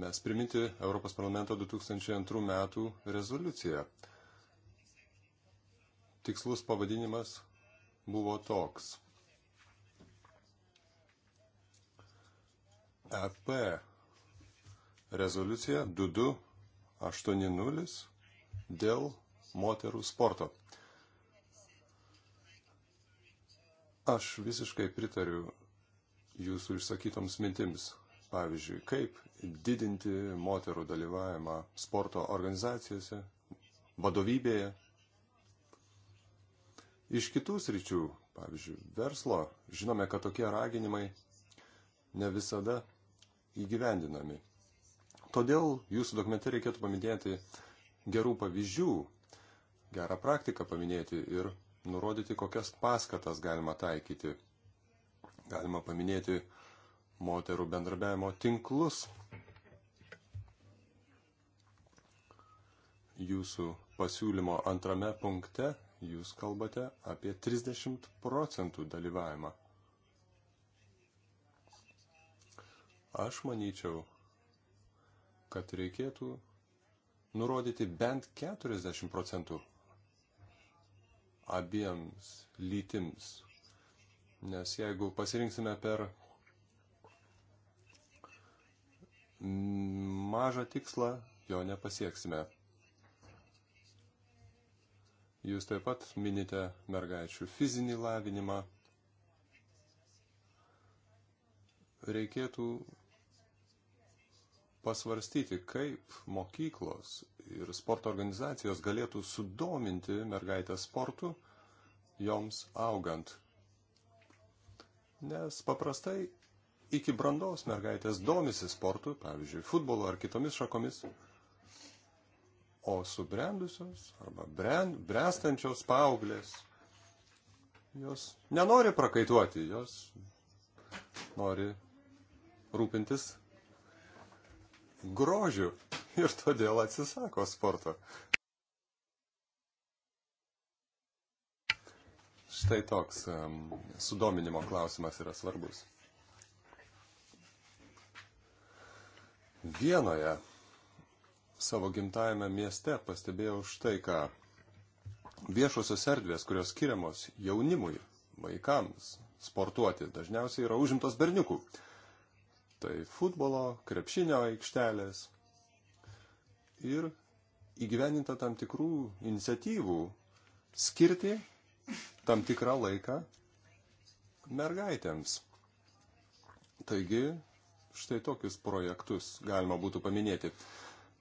mes priminti Europos parlamento 2002 metų rezoliuciją. Tikslus pavadinimas buvo toks. EP rezoliuciją 2280 dėl moterų sporto. Aš visiškai pritariu jūsų išsakytoms mintims. Pavyzdžiui, kaip didinti moterų dalyvavimą sporto organizacijose, vadovybėje. Iš kitų sričių, pavyzdžiui, verslo, žinome, kad tokie raginimai ne visada įgyvendinami. Todėl jūsų dokumente reikėtų paminėti gerų pavyzdžių, gerą praktiką paminėti ir nurodyti, kokias paskatas galima taikyti. Galima paminėti moterų bendrabiavimo tinklus. Jūsų pasiūlymo antrame punkte jūs kalbate apie 30 procentų dalyvavimą. Aš manyčiau, kad reikėtų nurodyti bent 40 procentų abiems lytims. Nes jeigu pasirinksime per mažą tikslą, jo nepasieksime. Jūs taip pat minite mergaičių fizinį lavinimą. Reikėtų pasvarstyti, kaip mokyklos ir sporto organizacijos galėtų sudominti mergaitę sportu joms augant. Nes paprastai iki brandos mergaitės domisi sportu, pavyzdžiui, futbolo ar kitomis šakomis, o subrendusios arba brend, brestančios paauglės, jos nenori prakaituoti, jos nori rūpintis grožiu ir todėl atsisako sporto. Štai toks um, sudominimo klausimas yra svarbus. Vienoje savo gimtajame mieste pastebėjau štai ką. Viešosios erdvės, kurios skiriamos jaunimui, vaikams sportuoti, dažniausiai yra užimtos berniukų. Uh, Tai futbolo, krepšinio aikštelės. Ir įgyveninta tam tikrų iniciatyvų skirti tam tikrą laiką mergaitėms. Taigi, štai tokius projektus galima būtų paminėti.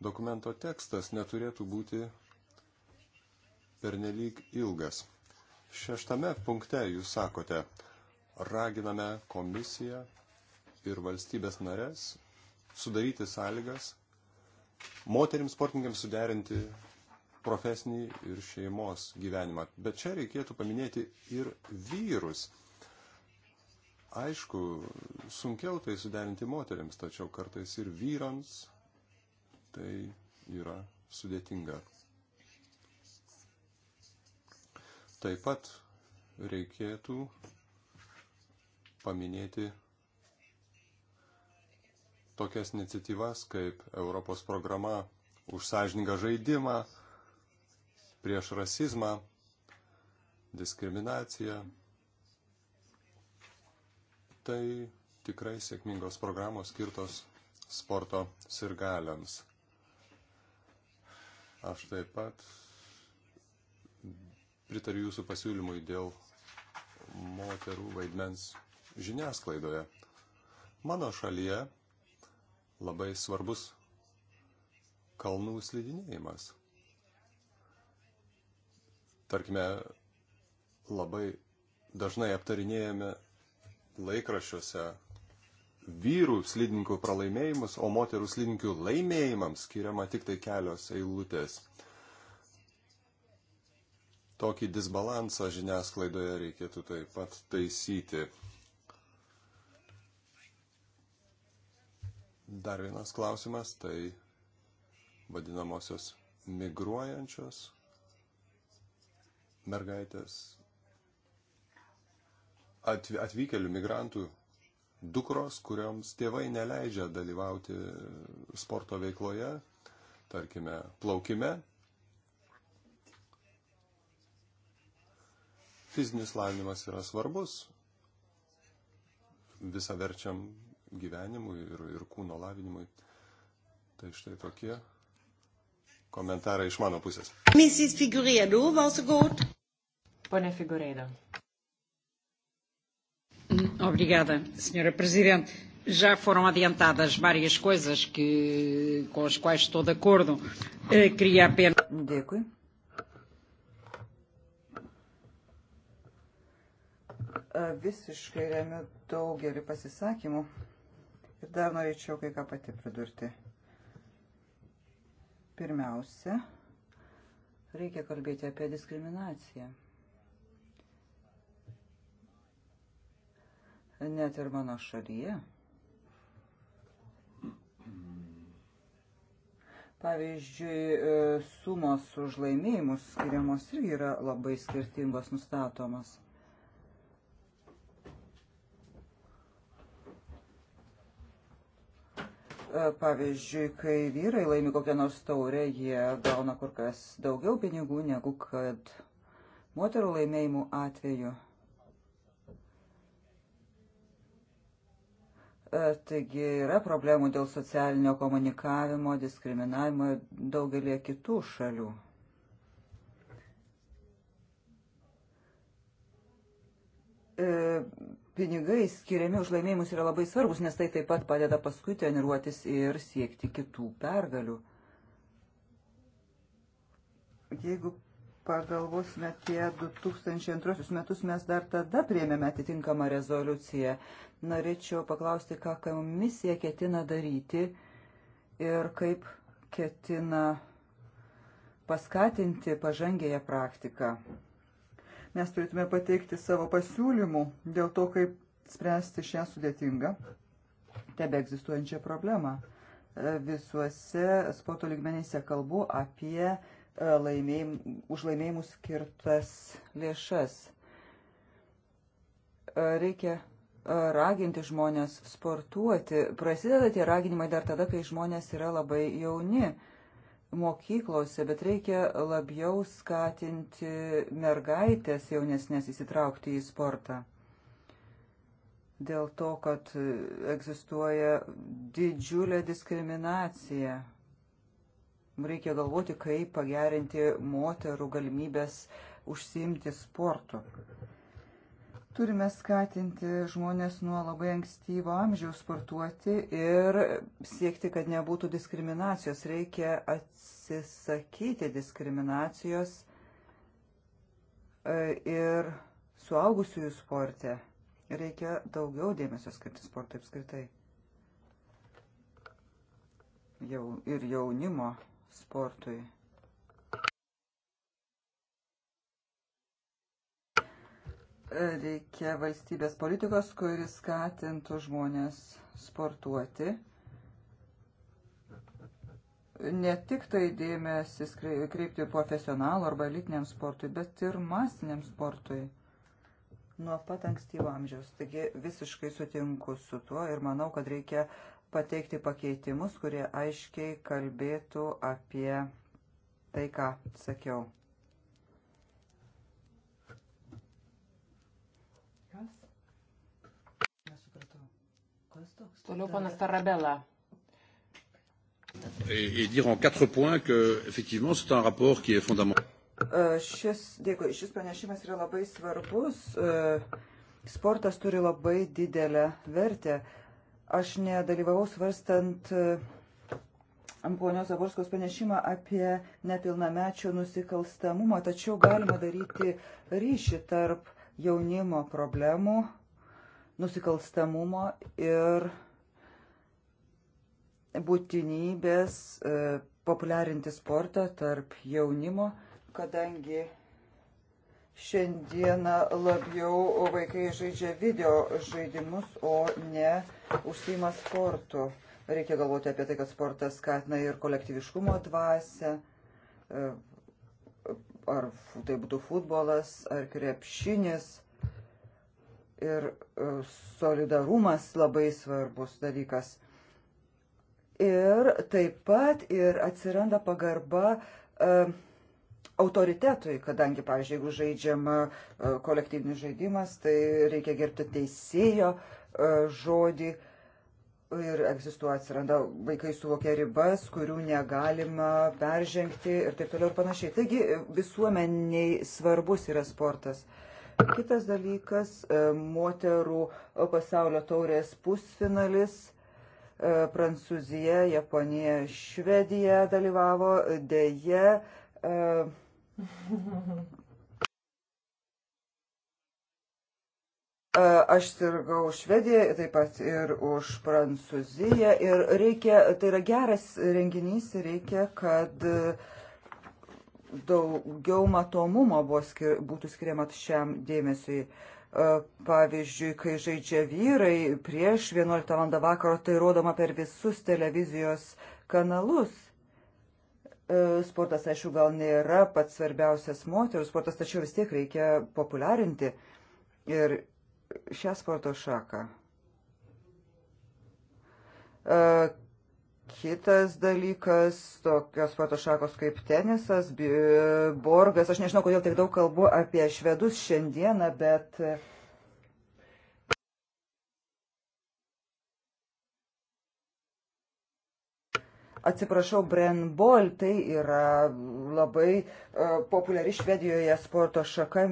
Dokumento tekstas neturėtų būti pernelyg ilgas. Šeštame punkte jūs sakote, raginame komisiją ir valstybės narės sudaryti sąlygas moteriams sportininkams suderinti profesinį ir šeimos gyvenimą. Bet čia reikėtų paminėti ir vyrus. Aišku, sunkiau tai suderinti moteriams, tačiau kartais ir vyrams tai yra sudėtinga. Taip pat reikėtų paminėti tokias iniciatyvas kaip Europos programa už sąžiningą žaidimą, prieš rasizmą, diskriminaciją. Tai tikrai sėkmingos programos skirtos sporto sirgaliams. Aš taip pat pritariu jūsų pasiūlymui dėl moterų vaidmens žiniasklaidoje. Mano šalyje labai svarbus kalnų slidinėjimas. Tarkime, labai dažnai aptarinėjame laikrašiuose vyrų slidininkų pralaimėjimus, o moterų slidininkų laimėjimams skiriama tik tai kelios eilutės. Tokį disbalansą žiniasklaidoje reikėtų taip pat taisyti. Dar vienas klausimas, tai vadinamosios migruojančios mergaitės atvykėlių migrantų dukros, kurioms tėvai neleidžia dalyvauti sporto veikloje, tarkime, plaukime. Fizinis lavinimas yra svarbus visaverčiam gyvenimui ir, ir kūno lavinimui. Tai štai tokie komentarai iš mano pusės. Mrs. Figureido, vasagod. Pone Figureido. Obrigada, Sra. Presidente. Já foram adiantadas várias coisas que, com as quais estou de acordo. Eh, queria apenas. Dėkui. Eh, visiškai remiu daugelį pasisakymų. Ir dar norėčiau kai ką pati pridurti. Pirmiausia, reikia kalbėti apie diskriminaciją. Net ir mano šalyje. Pavyzdžiui, e, sumos už laimėjimus skiriamos irgi yra labai skirtingos nustatomos. E, pavyzdžiui, kai vyrai laimi kokią nors taurę, jie gauna kur kas daugiau pinigų negu kad moterų laimėjimų atveju. E, taigi yra problemų dėl socialinio komunikavimo, diskriminavimo daugelie kitų šalių. E, pinigai skiriami už laimėjimus yra labai svarbus, nes tai taip pat padeda paskui treniruotis ir siekti kitų pergalių. Jeigu pagalvosime apie 2002 metus, mes dar tada priemėme atitinkamą rezoliuciją. Norėčiau paklausti, ką komisija ketina daryti ir kaip ketina paskatinti pažangėją praktiką. Mes turėtume pateikti savo pasiūlymų dėl to, kaip spręsti šią sudėtingą, tebe egzistuojančią problemą. E, visuose sporto lygmenyse kalbu apie e, laimėjim, už laimėjimus skirtas lėšas. E, reikia raginti žmonės sportuoti. Prasideda tie raginimai dar tada, kai žmonės yra labai jauni mokyklose, bet reikia labiau skatinti mergaitės jaunesnės įsitraukti į sportą. Dėl to, kad egzistuoja didžiulė diskriminacija. Reikia galvoti, kaip pagerinti moterų galimybės užsiimti sportu. Turime skatinti žmonės nuo labai ankstyvo amžiaus sportuoti ir siekti, kad nebūtų diskriminacijos. Reikia atsisakyti diskriminacijos e, ir suaugusiųjų sporte. Reikia daugiau dėmesio skirti sportui apskritai. Jau ir jaunimo sportui. reikia valstybės politikos, kuris skatintų žmonės sportuoti. Ne tik tai dėmesį kreipti profesionalų arba elitiniam sportui, bet ir masiniam sportui nuo pat ankstyvo amžiaus. Taigi visiškai sutinku su tuo ir manau, kad reikia pateikti pakeitimus, kurie aiškiai kalbėtų apie tai, ką sakiau. Toliau panas Tarabela. Et, et dire en quatre points que, effectivement, c'est un rapport qui est fondamental. Euh, šis, dėkui, šis pranešimas yra labai svarbus. Euh, sportas turi labai didelę vertę. Aš nedalyvavau svarstant euh, ponios Zaborskos pranešimą apie nepilnamečio nusikalstamumą, tačiau galima daryti ryšį tarp jaunimo problemų nusikalstamumo ir būtinybės e, populiarinti sportą tarp jaunimo, kadangi šiandieną labiau vaikai žaidžia video žaidimus, o ne užsima sportu. Reikia galvoti apie tai, kad sportas skatina ir kolektyviškumo dvasę, e, ar tai būtų futbolas, ar krepšinis ir e, solidarumas labai svarbus dalykas. Ir taip pat ir atsiranda pagarba uh, autoritetui, kadangi, pavyzdžiui, jeigu žaidžiama uh, kolektyvinis žaidimas, tai reikia gerbti teisėjo uh, žodį ir egzistuoja atsiranda vaikai suvokia ribas, kurių negalima peržengti ir taip toliau ir panašiai. Taigi visuomeniai svarbus yra sportas. Uh, Kitas dalykas e, - moterų pasaulio taurės pusfinalis. E, Prancūzija, Japonija, Švedija dalyvavo, dėje. E, aš sirgau Švediją, taip pat ir už Prancūziją. Ir reikia, tai yra geras renginys ir reikia, kad uh, daugiau matomumo skir, būtų skiriama šiam dėmesiui. E, pavyzdžiui, kai žaidžia vyrai prieš 11 val. vakaro, tai rodoma per visus televizijos kanalus. E, sportas, aišku, gal nėra pats svarbiausias moterų sportas, tačiau vis tiek reikia populiarinti ir šią sporto šaką e, Kitas dalykas, tokios fotošakos kaip tenisas, borgas, aš nežinau, kodėl tiek daug kalbu apie švedus šiandieną, bet atsiprašau, Brenbol tai yra labai uh, populiari Švedijoje sporto šaka,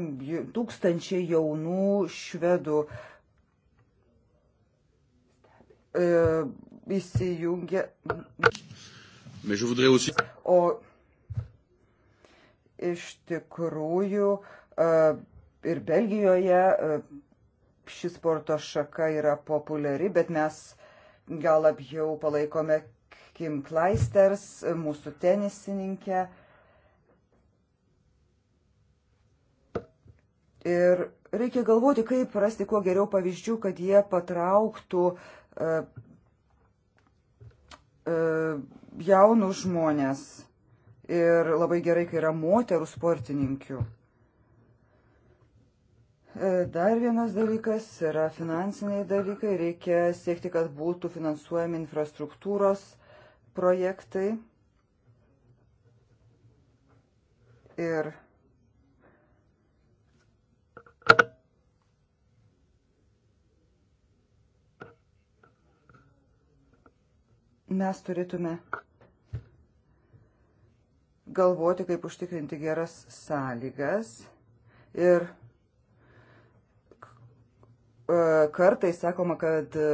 tūkstančiai jaunų švedų uh, įsijungia. O iš tikrųjų e, ir Belgijoje e, ši sporto šaka yra populiari, bet mes gal labiau palaikome Kim Kleisters, mūsų tenisininkę. Ir reikia galvoti, kaip rasti kuo geriau pavyzdžių, kad jie patrauktų e, E, jaunus žmonės ir labai gerai, kai yra moterų sportininkių. E, dar vienas dalykas yra finansiniai dalykai. Reikia siekti, kad būtų finansuojami infrastruktūros projektai. Ir mes turėtume galvoti, kaip užtikrinti geras sąlygas ir e, kartais sakoma, kad e,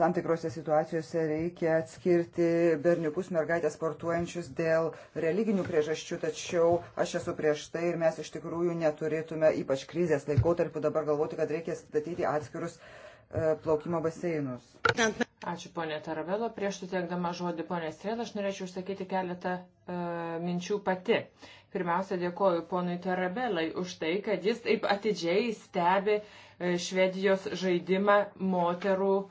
tam tikrose situacijose reikia atskirti berniukus mergaitės sportuojančius dėl religinių priežasčių, tačiau aš esu prieš tai ir mes iš tikrųjų neturėtume, ypač krizės laikotarpiu, dabar galvoti, kad reikia statyti atskirus uh, E, plaukimo baseinus. Ačiū ponė Taravelo. Prieš suteikdama žodį ponė Strėlą, aš norėčiau užsakyti keletą e, minčių pati. Pirmiausia, dėkoju ponui Tarabelai už tai, kad jis taip atidžiai stebi e, Švedijos žaidimą moterų e,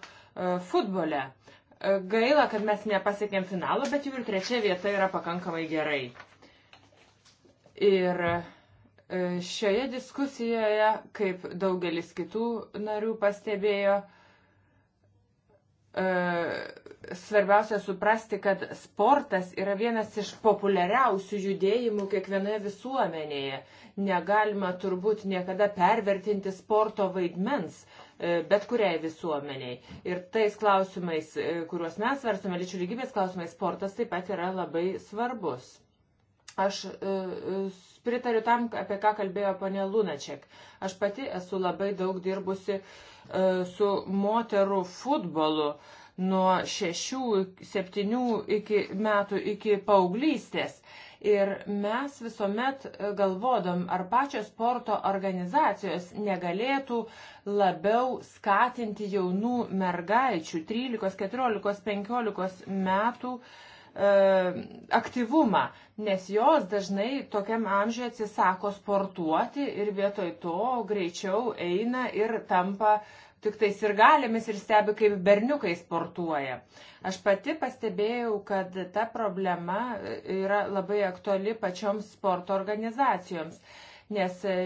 futbole. E, gaila, kad mes nepasiekėm finalo, bet jau ir trečia vieta yra pakankamai gerai. Ir e, E, šioje diskusijoje, kaip daugelis kitų narių pastebėjo, e, svarbiausia suprasti, kad sportas yra vienas iš populiariausių judėjimų kiekvienoje visuomenėje. Negalima turbūt niekada pervertinti sporto vaidmens e, bet kuriai visuomeniai. Ir tais klausimais, kuriuos mes svarstame, lyčių lygybės klausimais, sportas taip pat yra labai svarbus. Aš e, e, pritariu tam, apie ką kalbėjo ponė Lunačiak. Aš pati esu labai daug dirbusi e, su moterų futbolu nuo šešių, septynių iki metų iki paauglystės. Ir mes visuomet galvodom, ar pačios sporto organizacijos negalėtų labiau skatinti jaunų mergaičių 13, 14, 15 metų uh, E, aktyvumą, nes jos dažnai tokiam amžiui atsisako sportuoti ir vietoj to greičiau eina ir tampa tik tais ir galėmis ir stebi, kaip berniukai sportuoja. Aš pati pastebėjau, kad ta problema yra labai aktuali pačioms sporto organizacijoms nes e,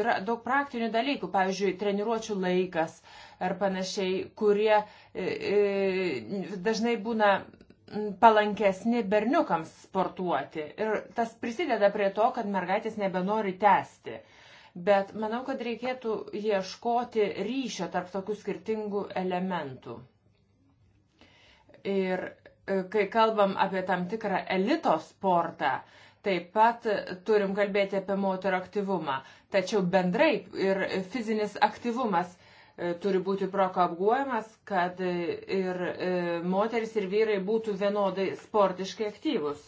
yra daug praktinių dalykų, pavyzdžiui, treniruočių laikas ar panašiai, kurie e, dažnai būna palankesni berniukams sportuoti. Ir tas prisideda prie to, kad mergaitės nebenori tęsti. Bet manau, kad reikėtų ieškoti ryšio tarp tokių skirtingų elementų. Ir e, kai kalbam apie tam tikrą elito sportą, Taip pat turim kalbėti apie moterų aktyvumą. Tačiau bendrai ir fizinis aktyvumas E, turi būti propaguojamas, kad e, ir e, moteris ir vyrai būtų vienodai sportiškai aktyvus.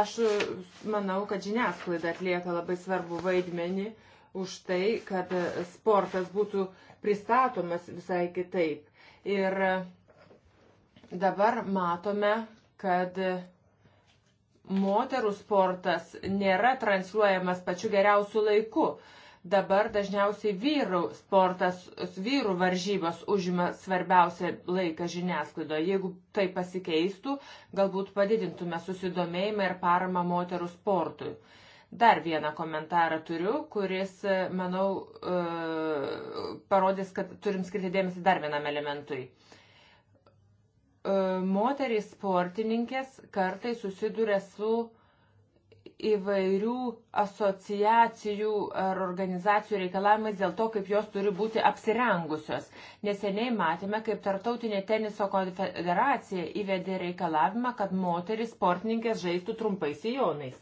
Aš manau, kad žiniasklaida atlieka labai svarbu vaidmenį už tai, kad sportas būtų pristatomas visai kitaip. Ir dabar matome, kad moterų sportas nėra transliuojamas pačiu geriausiu laiku. Uh, Dabar dažniausiai vyrų sportas, vyrų varžybos užima svarbiausią laiką žiniasklaidoje. Jeigu tai pasikeistų, galbūt padidintume susidomėjimą ir paramą moterų sportui. Dar vieną komentarą turiu, kuris, e, manau, e, parodys, kad turim skirti dėmesį dar vienam elementui e, moterys sportininkės kartai susiduria su įvairių asociacijų ar organizacijų reikalavimais dėl to, kaip jos turi būti apsirengusios. Neseniai matėme, kaip Tartautinė teniso konfederacija įvedė reikalavimą, kad moteris sportininkės žaistų trumpais sijonais.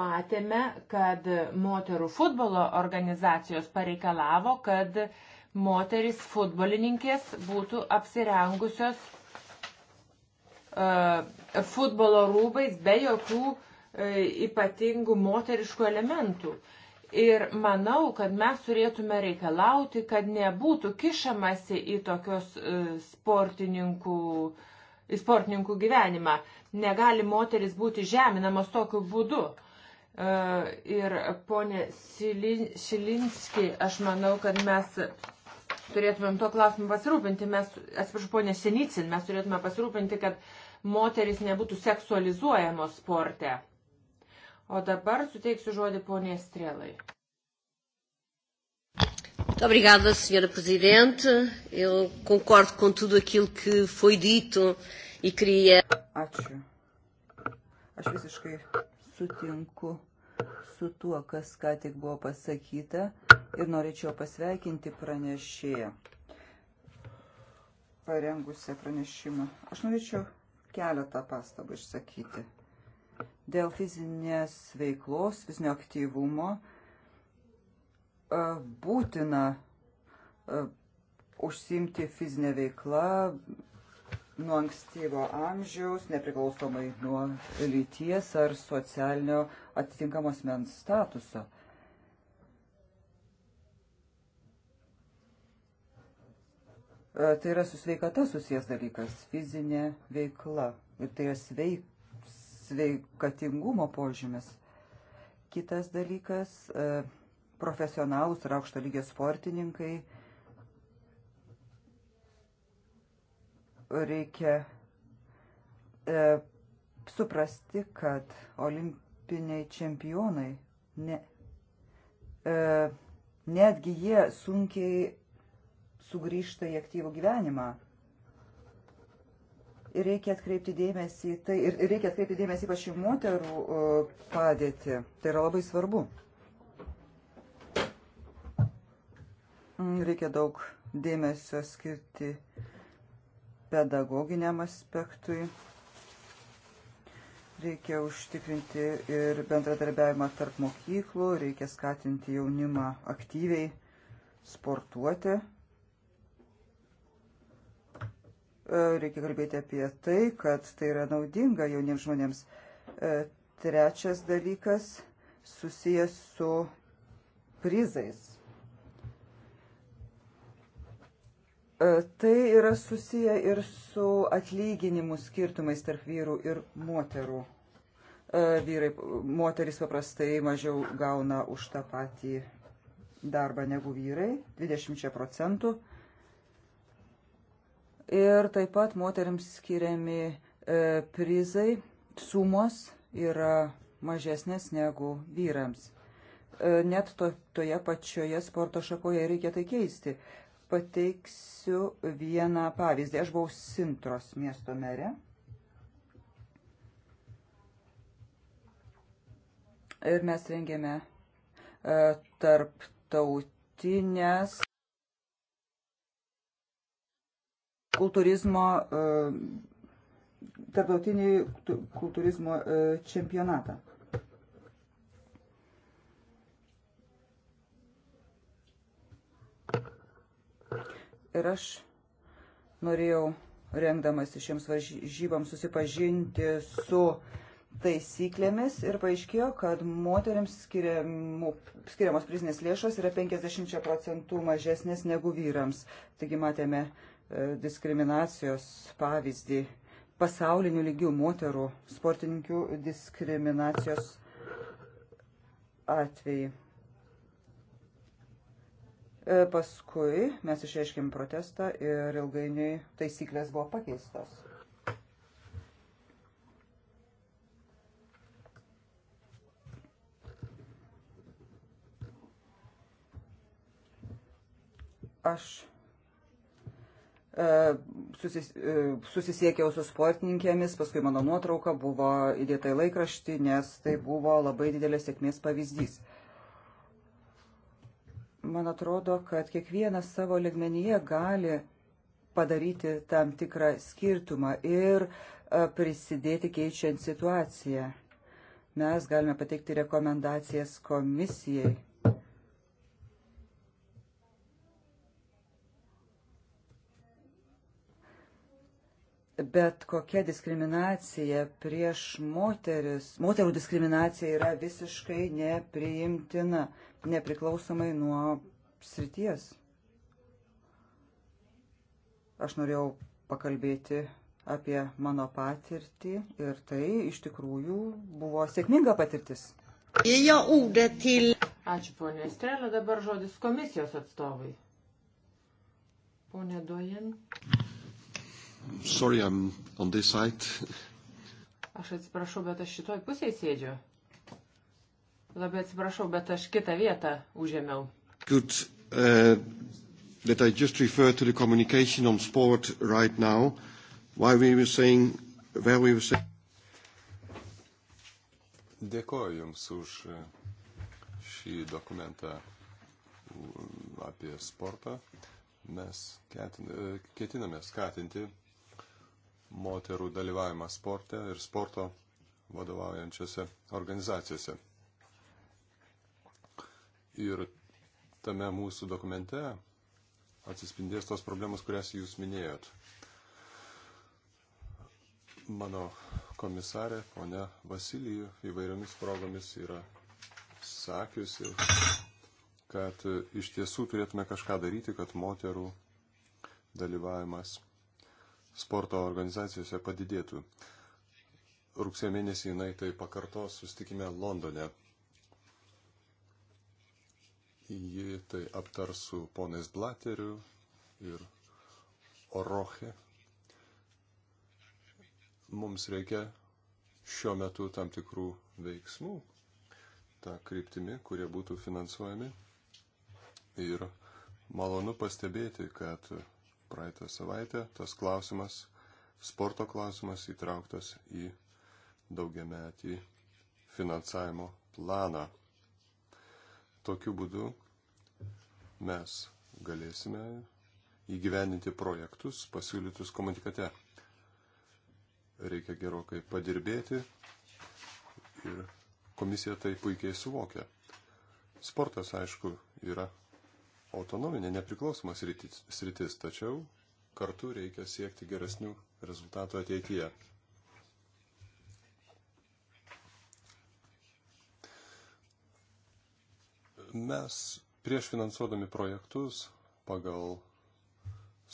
Matėme, kad moterų futbolo organizacijos pareikalavo, kad moteris futbolininkės būtų apsirengusios uh, futbolo rūbais be jokių uh, E, ypatingų moteriškų elementų. Ir manau, kad mes turėtume reikalauti, kad nebūtų kišamasi į tokios e, sportininkų, į sportininkų gyvenimą. Negali moteris būti žeminamos tokiu būdu. E, ir ponė Šilinski, aš manau, kad mes turėtumėm tuo klausimu pasirūpinti. Mes, atsiprašau, ponė Senicin, mes turėtume pasirūpinti, kad moteris nebūtų seksualizuojamos sporte. O dabar suteiksiu žodį poniai Strėlai. Muito obrigada, Sra. Presidente. Eu concordo com tudo aquilo que foi dito e queria. Ačiū. Aš visiškai sutinku su tuo, kas ką tik buvo pasakyta ir norėčiau pasveikinti pranešėją, parengusią pranešimą. Aš norėčiau keletą pastabų išsakyti. Dėl fizinės veiklos, fizinio aktyvumo e, būtina e, užsimti fizinę veiklą nuo ankstyvo amžiaus, nepriklausomai nuo lyties ar socialinio atitinkamos mens statuso. E, tai yra su sveikata susijęs dalykas - fizinė veikla. Ir tai yra sveik, sveikatingumo požymis. Kitas dalykas e, - profesionalus ir aukšto lygio sportininkai reikia e, suprasti, kad olimpiniai čempionai ne, e, netgi jie sunkiai sugrįžta į aktyvų gyvenimą reikia atkreipti dėmesį į tai ir reikia atkreipti dėmesį ypač į moterų padėtį. Tai yra labai svarbu. Mm, reikia daug dėmesio skirti pedagoginiam aspektui. Reikia užtikrinti ir bendradarbiavimą tarp mokyklų, reikia skatinti jaunimą aktyviai sportuoti. E, reikia kalbėti apie tai, kad tai yra naudinga jauniems žmonėms. E, trečias dalykas susijęs su prizais. E, tai yra susiję ir su atlyginimų skirtumais tarp vyrų ir moterų. Vyrai, moteris paprastai mažiau gauna už tą patį darbą negu vyrai, 20 procentų. Ir taip pat moteriams skiriami e, prizai, sumos yra mažesnės negu vyrams. E, net to, toje pačioje sporto šakoje reikia tai keisti. Pateiksiu vieną pavyzdį. Aš buvau Sintros miesto merė. Ir mes rengėme e, tarptautinės. kultūrizmo, e, tarptautinį kultūrizmo e, čempionatą. Ir aš norėjau, rengdamas šiems varžybams, susipažinti su taisyklėmis ir paaiškėjo, kad moteriams skiriamų, skiriamos prizinės lėšos yra 50 procentų mažesnės negu vyrams. Taigi matėme E, diskriminacijos pavyzdį pasaulinių lygių moterų sportininkių diskriminacijos atvejį. E, paskui mes išreiškėm protestą ir ilgainiui taisyklės buvo pakeistos. Aš E, susis, e, susisiekiau su sportininkėmis, paskui mano nuotrauka buvo įdėta į laikraštį, nes tai buvo labai didelės sėkmės pavyzdys. Man atrodo, kad kiekvienas savo ligmenyje gali padaryti tam tikrą skirtumą ir e, prisidėti keičiant situaciją. Mes galime pateikti rekomendacijas komisijai bet kokia diskriminacija prieš moteris, moterų diskriminacija yra visiškai nepriimtina, nepriklausomai nuo srities. Aš norėjau pakalbėti apie mano patirtį ir tai iš tikrųjų buvo sėkminga patirtis. Ačiū ponė Estrelė, dabar žodis komisijos atstovai. Ponė Dojen sorry, I'm on this side. Aš atsiprašau, bet aš šitoj pusėje sėdžiu. Labai atsiprašau, bet aš kitą vietą užėmiau. Good. Uh, that I just refer to the communication on sport right now. Why we were saying, where we were saying. Dėkoju Jums už uh, šį dokumentą apie sportą. Mes uh, ketiname skatinti moterų dalyvavimą sporte ir sporto vadovaujančiose organizacijose. Ir tame mūsų dokumente atsispindės tos problemos, kurias jūs minėjot. Mano komisarė, ponia Vasilijų, įvairiomis progomis yra sakiusi, kad iš tiesų turėtume kažką daryti, kad moterų dalyvavimas sporto organizacijose padidėtų. Rūksė mėnesį jinai tai pakartos sustikime Londone. Ji tai aptars su ponais Blateriu ir Oroche. Mums reikia šiuo metu tam tikrų veiksmų tą kryptimį, kurie būtų finansuojami. Ir malonu pastebėti, kad praeitą savaitę tas klausimas, sporto klausimas įtrauktas į daugiametį finansavimo planą. Tokiu būdu mes galėsime įgyveninti projektus pasiūlytus komunikate. Reikia gerokai padirbėti ir komisija tai puikiai suvokia. Sportas, aišku, yra autonominė nepriklausoma sritis, sritis, tačiau kartu reikia siekti geresnių rezultatų ateityje. Mes prieš finansuodami projektus pagal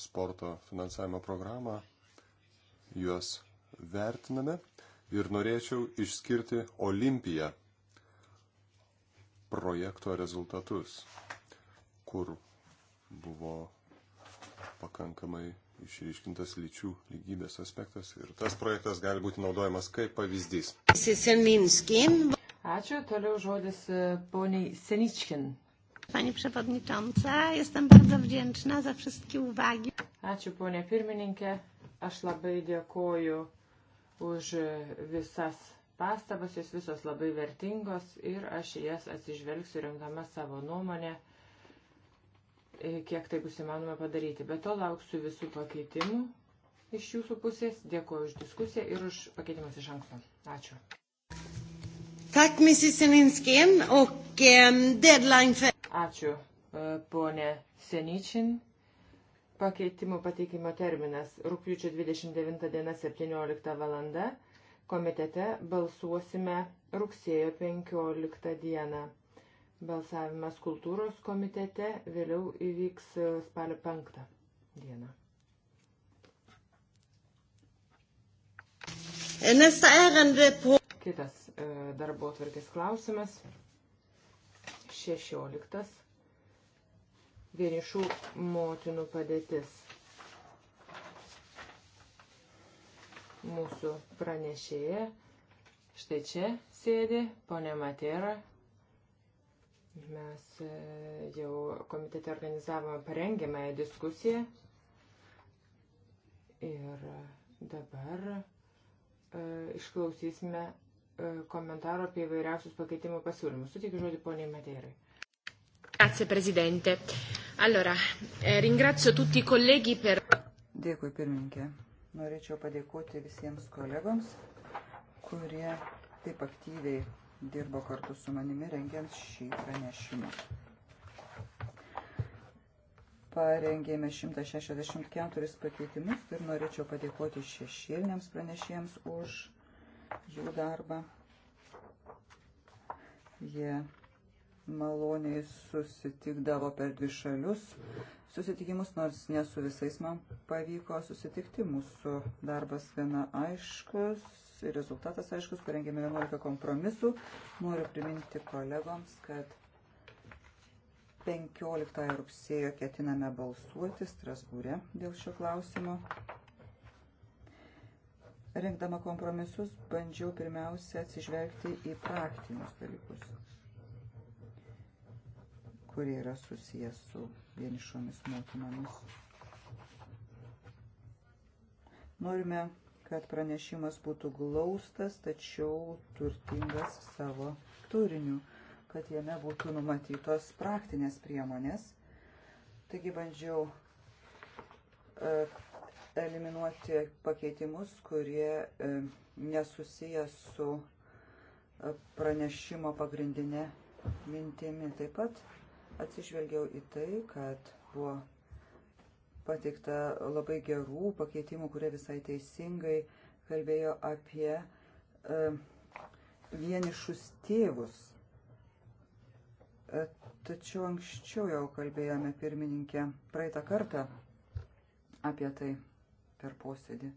sporto finansavimo programą juos vertiname ir norėčiau išskirti Olimpiją projekto rezultatus kur buvo pakankamai išryškintas lyčių lygybės aspektas ir tas projektas gali būti naudojamas kaip pavyzdys. Ačiū, toliau žodis e, poniai Seničkin. Pani Przewodnicząca, jestem bardzo wdzięczna za wszystkie uwagi. Ačiū, ponė pirmininkė, aš labai dėkoju už visas pastabas, jos visos labai vertingos ir aš jas atsižvelgsiu rengdama savo nuomonę E, kiek tai bus įmanoma padaryti. Bet to lauksiu visų pakeitimų iš jūsų pusės. Dėkuoju už diskusiją ir už pakeitimus iš anksto. Ačiū. Tak, Mrs. Seninskin, och um, deadline för... Ačiū, e, ponė Seničin. Pakeitimų pateikimo terminas rūpjūčio 29 diena 17 valanda. Komitete balsuosime rugsėjo 15 dieną. Balsavimas kultūros komitete vėliau įvyks spalio 5 dieną. E, Kitas e, darbo atvarkės klausimas. 16. Vienišų motinų padėtis. Mūsų pranešėja štai čia sėdi ponė Matera, Mes e, jau komitete organizavome parengimąją diskusiją ir dabar e, išklausysime e, komentaro apie įvairiausius pakeitimų pasiūlymus. Sutikiu žodį poniai Matėrai. Grazie Presidente. Allora, eh, ringrazio tutti i colleghi per... Dėkui pirmininkė. Norėčiau padėkoti visiems kolegoms, kurie taip aktyviai dirbo kartu su manimi rengiant šį pranešimą. Parengėme 164 pakeitimus ir norėčiau padėkoti šešėliniams pranešėjams už jų darbą. Jie maloniai susitikdavo per dvi šalius susitikimus, nors ne su visais man pavyko susitikti. Mūsų darbas gana aiškus, rezultatas aiškus, parengėme 11 kompromisų. Noriu priminti kolegoms, kad 15 rugsėjo ketiname balsuoti Strasbūrė dėl šio klausimo. Rinkdama kompromisus, bandžiau pirmiausia atsižvelgti į praktinius dalykus, kurie yra susijęs su vienišomis motinomis. Norime kad pranešimas būtų glaustas, tačiau turtingas savo turiniu, kad jame būtų numatytos praktinės priemonės. Taigi bandžiau e, eliminuoti pakeitimus, kurie e, nesusiję su e, pranešimo pagrindinė mintimi. Taip pat atsižvelgiau į tai, kad buvo pateikta labai gerų pakeitimų, kurie visai teisingai kalbėjo apie e, vienišus tėvus. E, tačiau anksčiau jau kalbėjome pirmininkę praeitą kartą apie tai per posėdį.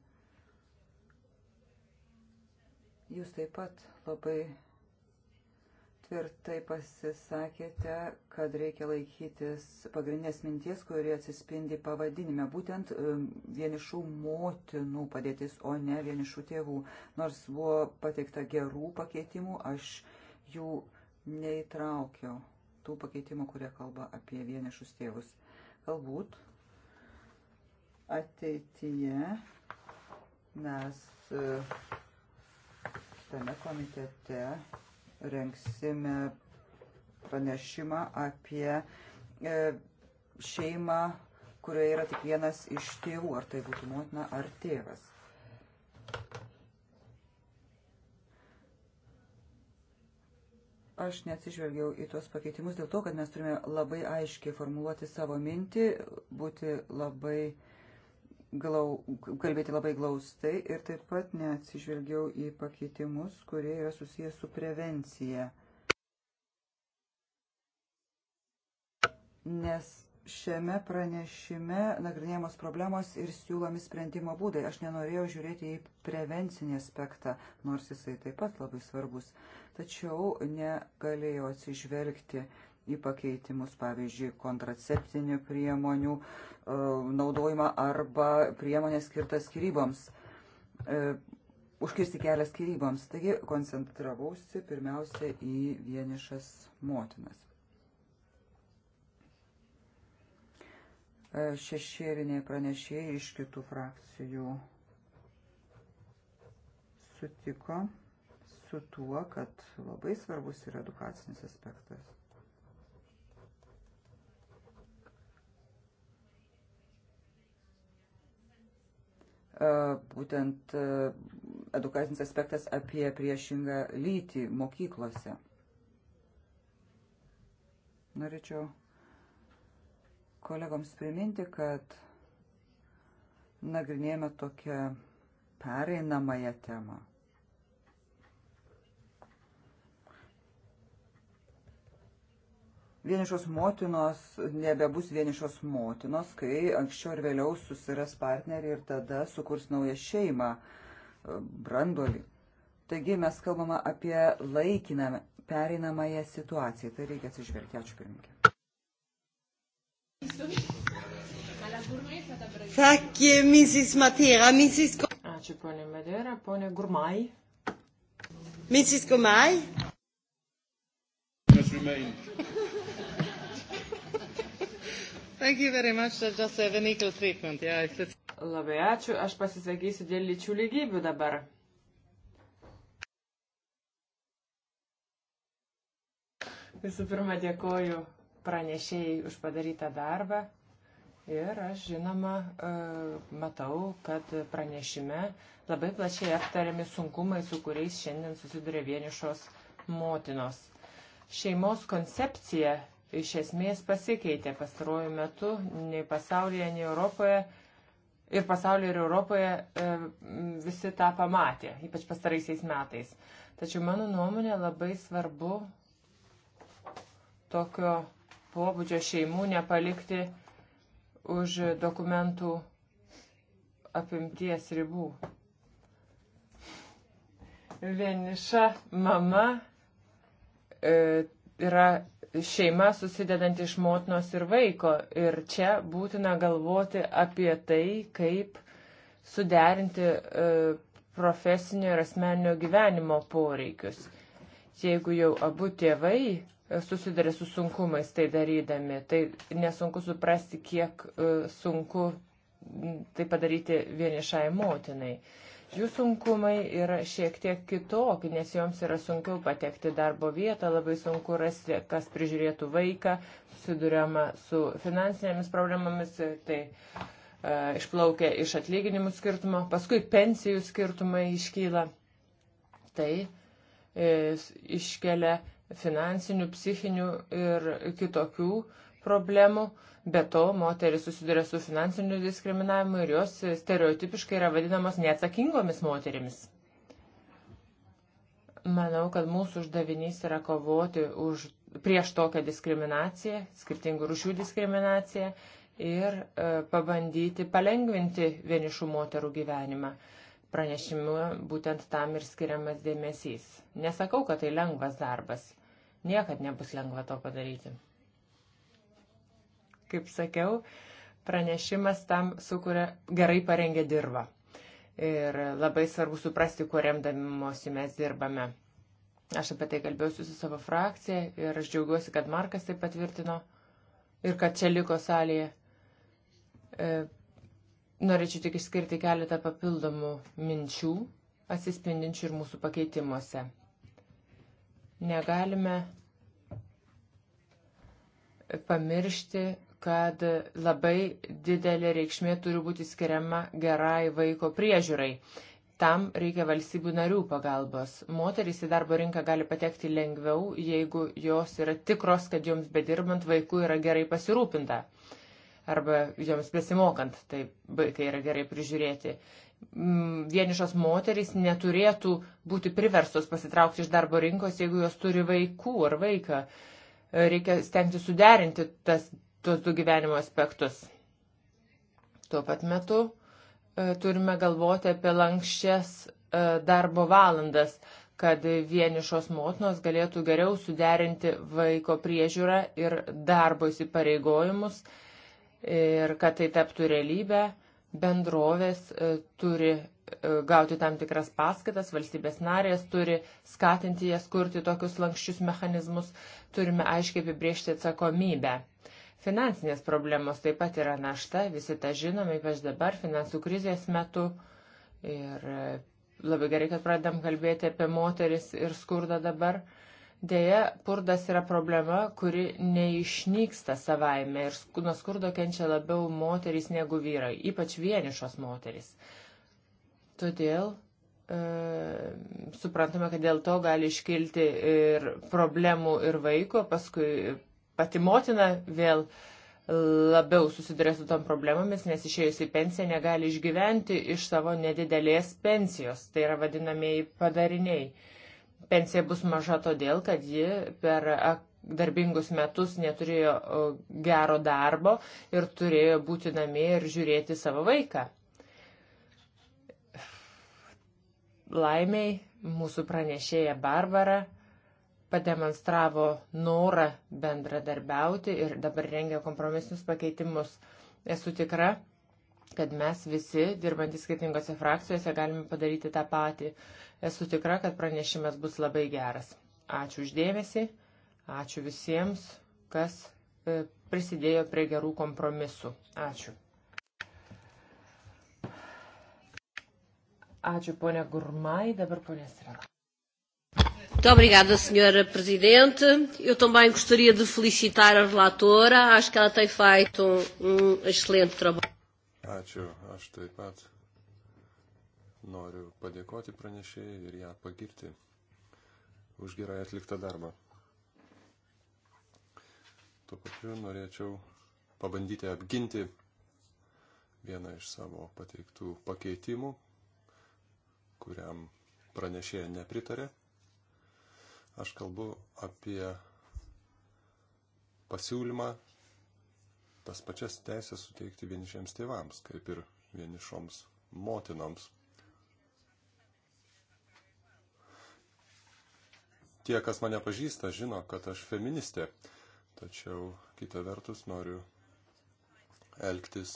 Jūs taip pat labai tvirtai pasisakėte, kad reikia laikytis pagrindinės minties, kuri atsispindi pavadinime, būtent um, vienišų motinų padėtis, o ne vienišų tėvų. Nors buvo pateikta gerų pakeitimų, aš jų neįtraukiau, tų pakeitimų, kurie kalba apie vienišus tėvus. Galbūt ateityje mes uh, tame komitete rengsime pranešimą apie e, šeimą, kurioje yra tik vienas iš tėvų, ar tai būtų motina ar tėvas. Aš neatsižvelgiau į tuos pakeitimus dėl to, kad mes turime labai aiškiai formuluoti savo mintį, būti labai uh, glau, kalbėti labai glaustai ir taip pat neatsižvelgiau į pakeitimus, kurie yra susijęs su prevencija. Nes šiame pranešime nagrinėjamos problemos ir siūlomi sprendimo būdai. Aš nenorėjau žiūrėti į prevencinį aspektą, nors jisai taip pat labai svarbus. Tačiau negalėjau atsižvelgti į pakeitimus, pavyzdžiui, kontraceptinių priemonių e, naudojimą arba priemonės skirtas skyryboms, e, užkirsti kelią skyryboms. Taigi koncentravausi pirmiausia į vienišas motinas. E, šešėliniai pranešėjai iš kitų frakcijų sutiko su tuo, kad labai svarbus yra edukacinis aspektas. E, būtent e, edukacinis aspektas apie priešingą lytį mokyklose. Norėčiau kolegoms priminti, kad nagrinėjame tokią pereinamąją temą. Vienišos motinos nebebus vienišos motinos, kai anksčiau ir vėliau susiras partnerį ir tada sukurs naują šeimą, e, brandolį. Taigi mes kalbame apie laikiną pereinamąją situaciją. Tai reikia atsižvelgti. Ačiū pirmininkė. Sakė Mrs. Matera, Mrs. Ačiū ponė Medera, ponė Gurmai. Mrs. Gurmai mean? Thank you very much. I just have an equal treatment. Yeah, it's... Labai ačiū. Aš pasisakysiu dėl lyčių lygybių dabar. Visų pirma, dėkoju pranešėjai už padarytą darbą. Ir aš, žinoma, e, matau, kad pranešime labai plačiai aptariami sunkumai, su kuriais šiandien susiduria vienišos motinos. Šeimos koncepcija iš esmės pasikeitė pastaruoju metu, nei pasaulyje, nei Europoje. Ir pasaulyje, ir Europoje e, visi tą pamatė, ypač pastaraisiais metais. Tačiau mano nuomonė labai svarbu tokio pobūdžio šeimų nepalikti už dokumentų apimties ribų. Vieniša mama E, yra šeima susidedanti iš motinos ir vaiko. Ir čia būtina galvoti apie tai, kaip suderinti e, profesinio ir asmeninio gyvenimo poreikius. Jeigu jau abu tėvai e, susiduria su sunkumais tai darydami, tai nesunku suprasti, kiek sunku tai padaryti vienišai motinai. Jų sunkumai yra šiek tiek kitokie, nes joms yra sunkiau patekti darbo vietą, labai sunku rasti, kas prižiūrėtų vaiką, susiduriama su finansinėmis problemomis, tai e, išplaukia iš atlyginimų skirtumo, paskui pensijų skirtumai iškyla. Tai e, iškelia finansinių, psichinių ir kitokių problemų, be to moteris susiduria su finansiniu diskriminavimu ir jos stereotipiškai yra vadinamos neatsakingomis moterimis. Manau, kad mūsų uždavinys yra kovoti už, prieš tokią diskriminaciją, skirtingų rušių diskriminaciją ir e, pabandyti palengvinti vienišų moterų gyvenimą pranešimu būtent tam ir skiriamas dėmesys. Nesakau, kad tai lengvas darbas. Niekad nebus lengva to padaryti. Kaip sakiau, pranešimas tam sukuria gerai parengę dirbą. Ir labai svarbu suprasti, kuo remdamimosi mes dirbame. Aš apie tai kalbėjausi su savo frakcija ir aš džiaugiuosi, kad Markas tai patvirtino ir kad čia liko salėje. E, norėčiau tik išskirti keletą papildomų minčių, atsispindinčių ir mūsų pakeitimuose. Negalime pamiršti, kad labai didelė reikšmė turi būti skiriama gerai vaiko priežiūrai. Tam reikia valstybių narių pagalbos. Moterys į darbo rinką gali patekti lengviau, jeigu jos yra tikros, kad joms bedirbant vaikų yra gerai pasirūpinta. Arba joms besimokant, tai vaikai yra gerai prižiūrėti. Mm, vienišos moterys neturėtų būti priverstos pasitraukti iš darbo rinkos, jeigu jos turi vaikų ar vaiką. Reikia stengti suderinti tas tuos du gyvenimo aspektus. Tuo pat metu e, turime galvoti apie lankščias e, darbo valandas, kad vienišos motinos galėtų geriau suderinti vaiko priežiūrą ir darbo įsipareigojimus ir kad tai taptų realybę, bendrovės e, turi gauti tam tikras paskatas, valstybės narės turi skatinti jas kurti tokius lankščius mechanizmus, turime aiškiai apibriežti atsakomybę. Finansinės problemos taip pat yra našta, visi tą žinome, ypač dabar finansų krizės metu. Ir e, labai gerai, kad pradedam kalbėti apie moteris ir skurdą dabar. Deja, purdas yra problema, kuri neišnyksta savaime ir nuo skurdo kenčia labiau moteris negu vyrai, ypač vienišos moteris. Todėl e, suprantame, kad dėl to gali iškilti ir problemų ir vaiko, paskui pati motina vėl labiau susiduria su tom problemomis, nes išėjus į pensiją negali išgyventi iš savo nedidelės pensijos. Tai yra vadinamieji padariniai. Pensija bus maža todėl, kad ji per darbingus metus neturėjo gero darbo ir turėjo būti namie ir žiūrėti savo vaiką. Laimiai mūsų pranešėja Barbara pademonstravo norą bendradarbiauti ir dabar rengia kompromisinius pakeitimus. Esu tikra, kad mes visi, dirbantys skirtingose frakcijose, galime padaryti tą patį. Esu tikra, kad pranešimas bus labai geras. Ačiū uždėmesi, ačiū visiems, kas e, prisidėjo prie gerų kompromisų. Ačiū. Ačiū ponia Gurmai, dabar ponia Srela. Muito obrigada, Senhora Presidente. Eu também gostaria de felicitar a relatora. Acho que ela tem feito um, um excelente trabalho. Ačiū. Aš taip pat noriu padėkoti pranešėjai ir ją pagirti už gerai atliktą darbą. Tuo pačiu norėčiau pabandyti apginti vieną iš savo pateiktų pakeitimų, kuriam pranešėja nepritarė. Aš kalbu apie pasiūlymą tas pačias teisės suteikti vienišiems tėvams, kaip ir vienišoms motinoms. Tie, kas mane pažįsta, žino, kad aš feministė, tačiau kita vertus noriu elgtis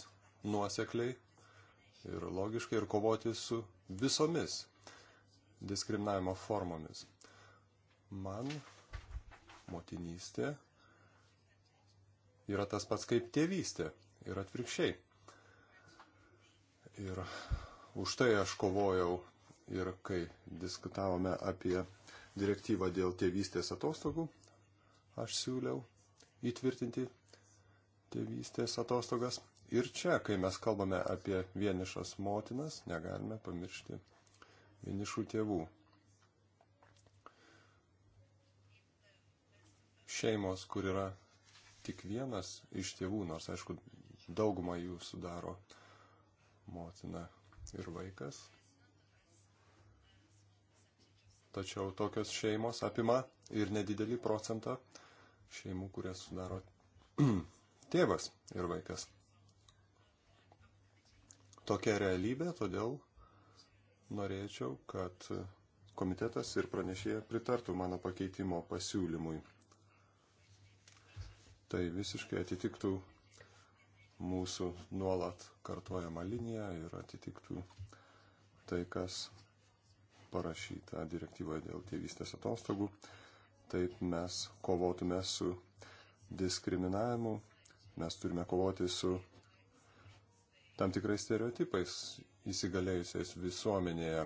nuosekliai ir logiškai ir kovoti su visomis diskriminavimo formomis man motinystė yra tas pats kaip tėvystė ir atvirkščiai. Ir už tai aš kovojau ir kai diskutavome apie direktyvą dėl tėvystės atostogų, aš siūliau įtvirtinti tėvystės atostogas. Ir čia, kai mes kalbame apie vienišas motinas, negalime pamiršti vienišų tėvų. šeimos, kur yra tik vienas iš tėvų, nors aišku, daugumą jų sudaro motina ir vaikas. Tačiau tokios šeimos apima ir nedidelį procentą šeimų, kurias sudaro tėvas ir vaikas. Tokia realybė, todėl norėčiau, kad komitetas ir pranešėja pritartų mano pakeitimo pasiūlymui tai visiškai atitiktų mūsų nuolat kartuojama linija ir atitiktų tai, kas parašyta direktyvoje dėl tėvystės atostogų. Taip mes kovotume su diskriminavimu, mes turime kovoti su tam tikrais stereotipais įsigalėjusiais visuomenėje.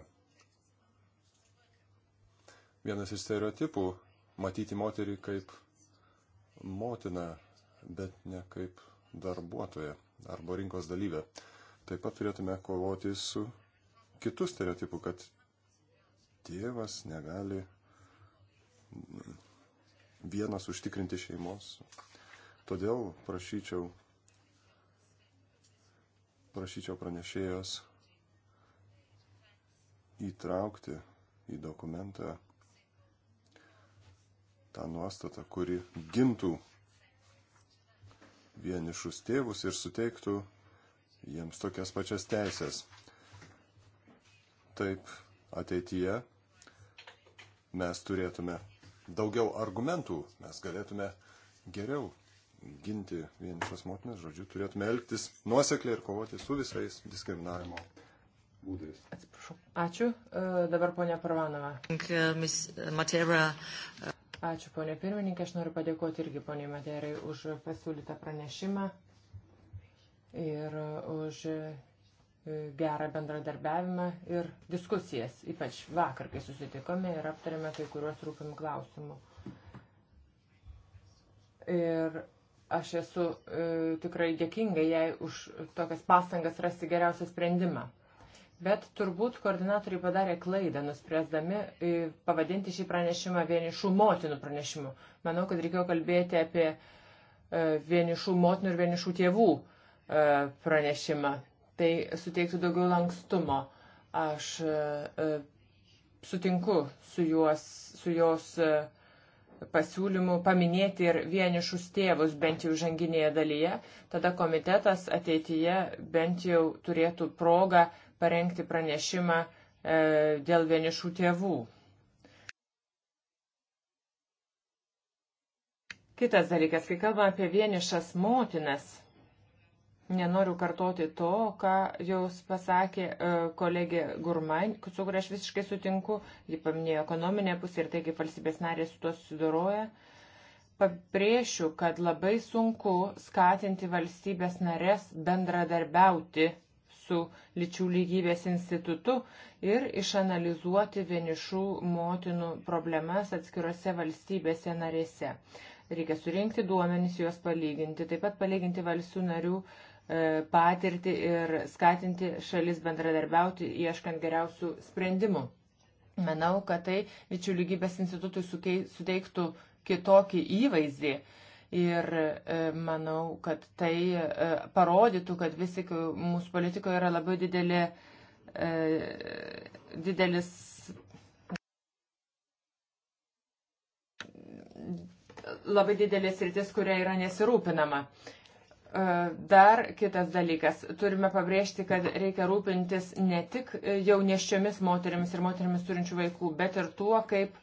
Vienas iš stereotipų - matyti moterį kaip motina, bet ne kaip darbuotoja arba rinkos dalyvė. Taip pat turėtume kovoti su kitų stereotipų, kad tėvas negali vienas užtikrinti šeimos. Todėl prašyčiau, prašyčiau pranešėjos įtraukti į dokumentą tą nuostatą, kuri gintų vienišus tėvus ir suteiktų jiems tokias pačias teisės. Taip ateityje mes turėtume daugiau argumentų, mes galėtume geriau ginti vienišas motinas, žodžiu, turėtume elgtis nuosekliai ir kovoti su visais diskriminavimo būdais. Atsiprašau. Ačiū. E, dabar ponia Parvanova. Matera Ačiū, ponė pirmininkė. Aš noriu padėkoti irgi poniai Materai už pasiūlytą pranešimą ir už e, gerą bendradarbiavimą ir diskusijas, ypač vakar, kai susitikome ir aptarėme kai kuriuos rūpimų klausimų. Ir aš esu e, tikrai dėkinga jai už tokias pastangas rasti geriausią sprendimą. Bet turbūt koordinatoriai padarė klaidą, nuspręsdami e, pavadinti šį pranešimą vienišų motinų pranešimu. Manau, kad reikėjo kalbėti apie e, vienišų motinų ir vienišų tėvų e, pranešimą. Tai suteiktų daugiau lankstumo. Aš sutinku su, juos, su jos pasiūlymų paminėti ir vienišus tėvus bent jau žanginėje dalyje, tada komitetas ateityje bent jau turėtų progą parengti pranešimą e, dėl vienišų tėvų. Kitas dalykas, kai kalbam apie vienišas motinas, nenoriu kartoti to, ką jau pasakė e, kolegė Gurmain, su kuria aš visiškai sutinku, ji paminėjo ekonominę pusę ir tai, kaip valstybės narė su tuo susidoroja. Pabrėšiu, kad labai sunku skatinti valstybės narės bendradarbiauti su lyčių lygybės institutu ir išanalizuoti vienišų motinų problemas atskirose valstybėse narėse. Reikia surinkti duomenys, juos palyginti, taip pat palyginti valstybių narių e, patirtį ir skatinti šalis bendradarbiauti, ieškant geriausių sprendimų. Manau, kad tai lyčių lygybės institutui suteiktų kitokį įvaizdį Ir e, manau, kad tai e, parodytų, kad vis tik mūsų politikoje yra labai didelė, e, didelis labai didelis rytis, kuria yra nesirūpinama. Dar kitas dalykas. Turime pabrėžti, kad reikia rūpintis ne tik jau nešiomis moteriamis ir moteriamis turinčių vaikų, bet ir tuo, kaip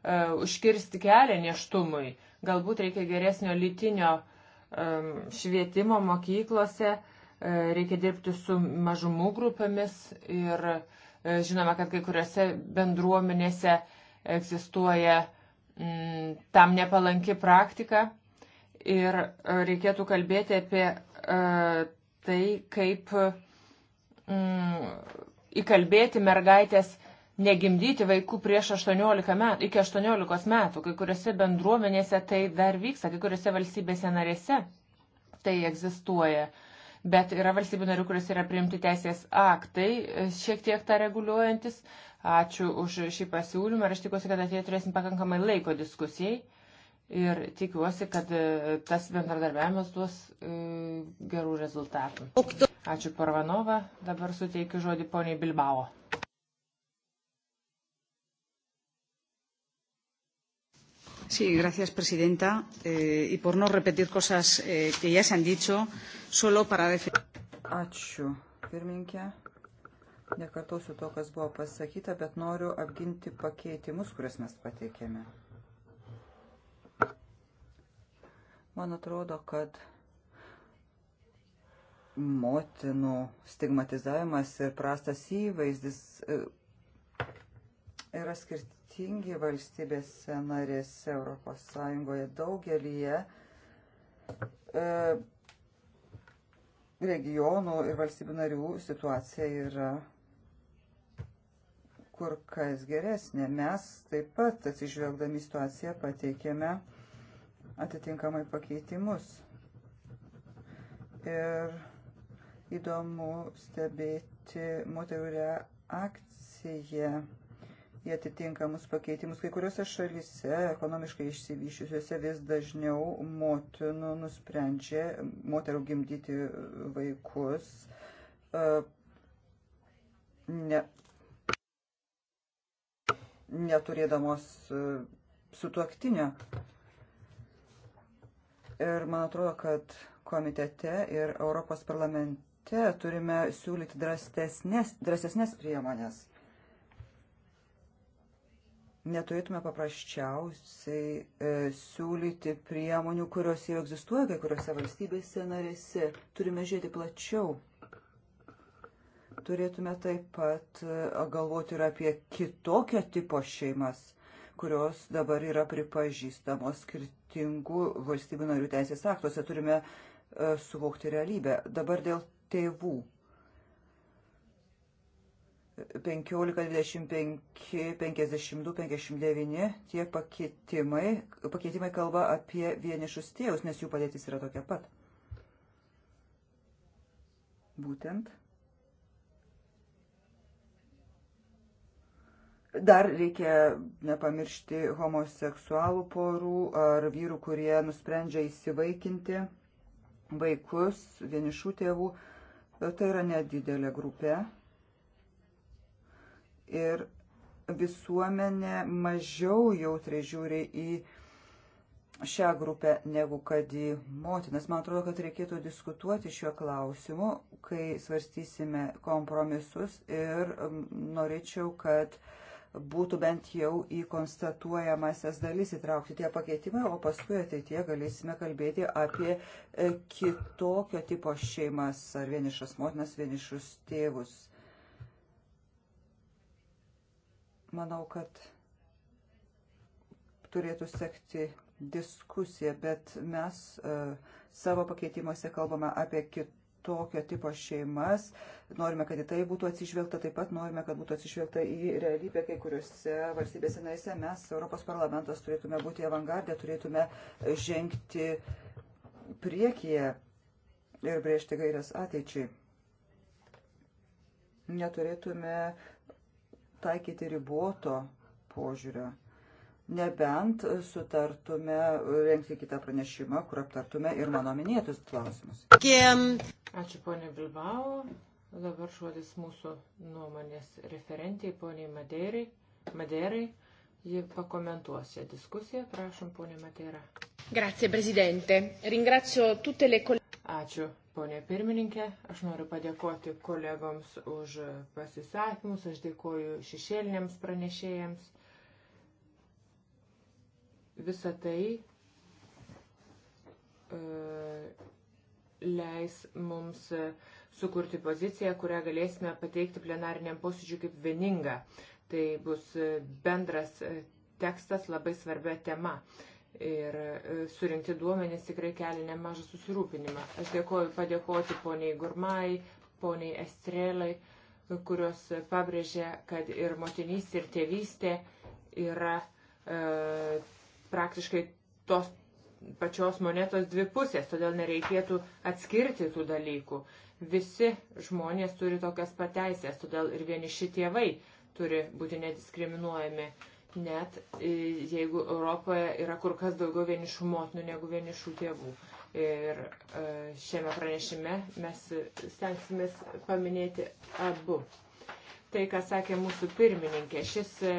E, užkirsti kelią neštumui. Galbūt reikia geresnio lytinio e, švietimo mokyklose, e, reikia dirbti su mažumų grupėmis ir žinome, kad kai kuriuose bendruomenėse egzistuoja mm, tam nepalanki praktika ir reikėtų kalbėti apie tai, kaip mm, įkalbėti mergaitės negimdyti vaikų prieš 18 metų, iki 18 metų. Kai kuriuose bendruomenėse tai dar vyksta, kai kuriuose valstybėse narėse tai egzistuoja. Bet yra valstybių narių, kuris yra priimti teisės aktai, e, šiek tiek tą reguliuojantis. Ačiū už šį pasiūlymą ir aš tikiuosi, kad ateityje turėsim pakankamai laiko diskusijai. Ir tikiuosi, kad e, tas bendradarbiavimas duos e, gerų rezultatų. Ačiū Parvanova, dabar suteikiu žodį poniai Bilbao. Sí, gracias, presidenta. Eh, y por no repetir cosas eh, que ya se han dicho, solo para defender. Ačiū, pirmininkė. Nekartosiu to, kas buvo pasakyta, bet noriu apginti pakeitimus, kuriuos mes pateikėme. Man atrodo, kad motinų stigmatizavimas ir prastas įvaizdis e, yra skirti skirtingi valstybėse narėse Europos Sąjungoje daugelyje e, regionų ir valstybių narių situacija yra kur kas geresnė. Mes taip pat atsižvelgdami situaciją pateikėme atitinkamai pakeitimus. Ir įdomu stebėti moterų reakciją į atitinkamus pakeitimus. Kai kuriuose šalise, ekonomiškai išsivyšiusiuose, vis dažniau motinų nusprendžia moterų gimdyti vaikus. E, ne, neturėdamos e, sutuoktinio. Ir man atrodo, kad komitete ir Europos parlamente turime siūlyti drastesnės, drastesnės priemonės neturėtume paprasčiausiai e, siūlyti priemonių, kurios jau egzistuoja kai kuriuose valstybėse narėse. Turime žiūrėti plačiau. Turėtume taip pat e, galvoti ir apie kitokio tipo šeimas, kurios dabar yra pripažįstamos skirtingų valstybių narių teisės aktuose. Turime e, suvokti realybę. Dabar dėl tėvų 15, 25, 52, 59 tie pakeitimai, pakeitimai kalba apie vienišus tėvus, nes jų padėtis yra tokia pat. Būtent. Dar reikia nepamiršti homoseksualų porų ar vyrų, kurie nusprendžia įsivaikinti vaikus, vienišų tėvų. Tai yra nedidelė grupė ir visuomenė mažiau jautriai žiūri į šią grupę negu kad į motinas. Man atrodo, kad reikėtų diskutuoti šiuo klausimu, kai svarstysime kompromisus ir norėčiau, kad būtų bent jau į konstatuojamasias dalis įtraukti tie pakeitimai, o paskui ateitie galėsime kalbėti apie e, kitokio tipo šeimas ar vienišas motinas, vienišus tėvus. manau, kad turėtų sekti diskusija, bet mes e, savo pakeitimuose kalbame apie kitokio tipo šeimas. Norime, kad į tai būtų atsižvelgta, taip pat norime, kad būtų atsižvelgta į realybę kai kuriuose valstybėse naise. Mes, Europos parlamentas, turėtume būti avangardė, turėtume žengti priekyje ir brėžti gairias ateičiai neturėtume taikyti riboto požiūrio. Nebent sutartume rengti kitą pranešimą, kur aptartume ir mano minėtus klausimus. Ačiū ponė Bilbao. Dabar žodis mūsų nuomonės referentiai, poniai Madeirai. Madeirai, ji pakomentuos šią diskusiją. Prašom, ponė Madeira. Grazie, prezidente. Ringrazio tutte le kolegas. Ačiū, ponė pirmininkė. Aš noriu padėkoti kolegoms už pasisakymus. Aš dėkoju šešėliniams pranešėjams. Visą tai uh, leis mums sukurti poziciją, kurią galėsime pateikti plenariniam posėdžiui kaip vieningą. Tai bus bendras tekstas labai svarbia tema. Uh, ir e, surinkti duomenys tikrai kelia nemažą susirūpinimą. Aš dėkoju padėkoti poniai Gurmai, poniai Estrelai, kurios pabrėžė, kad ir motinystė, ir tėvystė yra e, praktiškai tos pačios monetos dvi pusės, todėl nereikėtų atskirti tų dalykų. Visi žmonės turi tokias pateisės, todėl ir vieniši tėvai turi būti nediskriminuojami net e, jeigu Europoje yra kur kas daugiau vienišų motinų negu vienišų tėvų. Ir e, šiame pranešime mes stengsimės paminėti abu. Tai, ką sakė mūsų pirmininkė, šis e,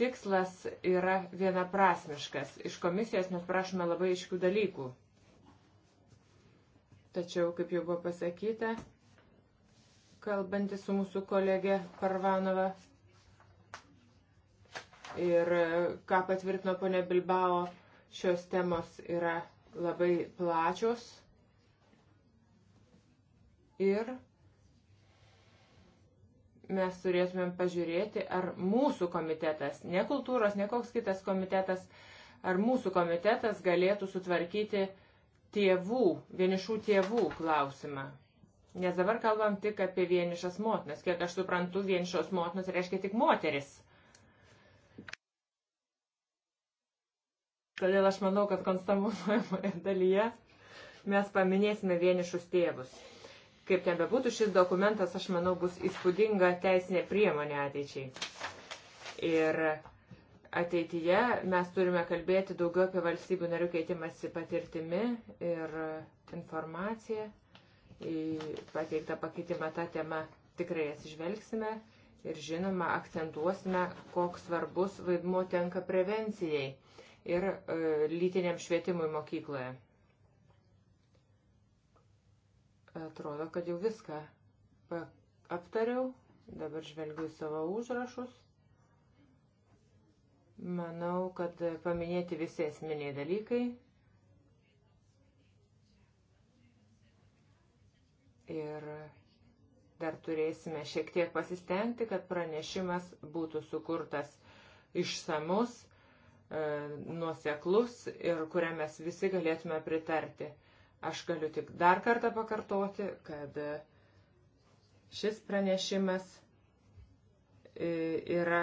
tikslas yra vienaprasmiškas. Iš komisijos mes prašome labai aiškių dalykų. Tačiau, kaip jau buvo pasakyta, kalbantys su mūsų kolege Parvanova, ir e, ką patvirtino ponė Bilbao, šios temos yra labai plačios. Ir mes turėtumėm pažiūrėti, ar mūsų komitetas, ne kultūros, ne koks kitas komitetas, ar mūsų komitetas galėtų sutvarkyti tėvų, vienišų tėvų klausimą. Nes dabar kalbam tik apie vienišas motinas. Kiek aš suprantu, vienišos motinos reiškia tik moteris. Todėl aš manau, kad konstamuojamoje dalyje mes paminėsime vienišus tėvus. Kaip ten bebūtų, šis dokumentas, aš manau, bus įspūdinga teisinė priemonė ateičiai. Ir ateityje mes turime kalbėti daugiau apie valstybių narių keitimąsi patirtimi ir informaciją. Į pateiktą pakeitimą tą temą tikrai atsižvelgsime ir žinoma akcentuosime, koks svarbus vaidmuo tenka prevencijai ir e, lytiniam švietimui mokykloje. Atrodo, kad jau viską aptariau. Dabar žvelgiu į savo užrašus. Manau, kad paminėti visi esminiai dalykai. Ir dar turėsime šiek tiek pasistengti, kad pranešimas būtų sukurtas išsamus E, nuoseklus ir kuriam mes visi galėtume pritarti. Aš galiu tik dar kartą pakartoti, kad šis pranešimas e, yra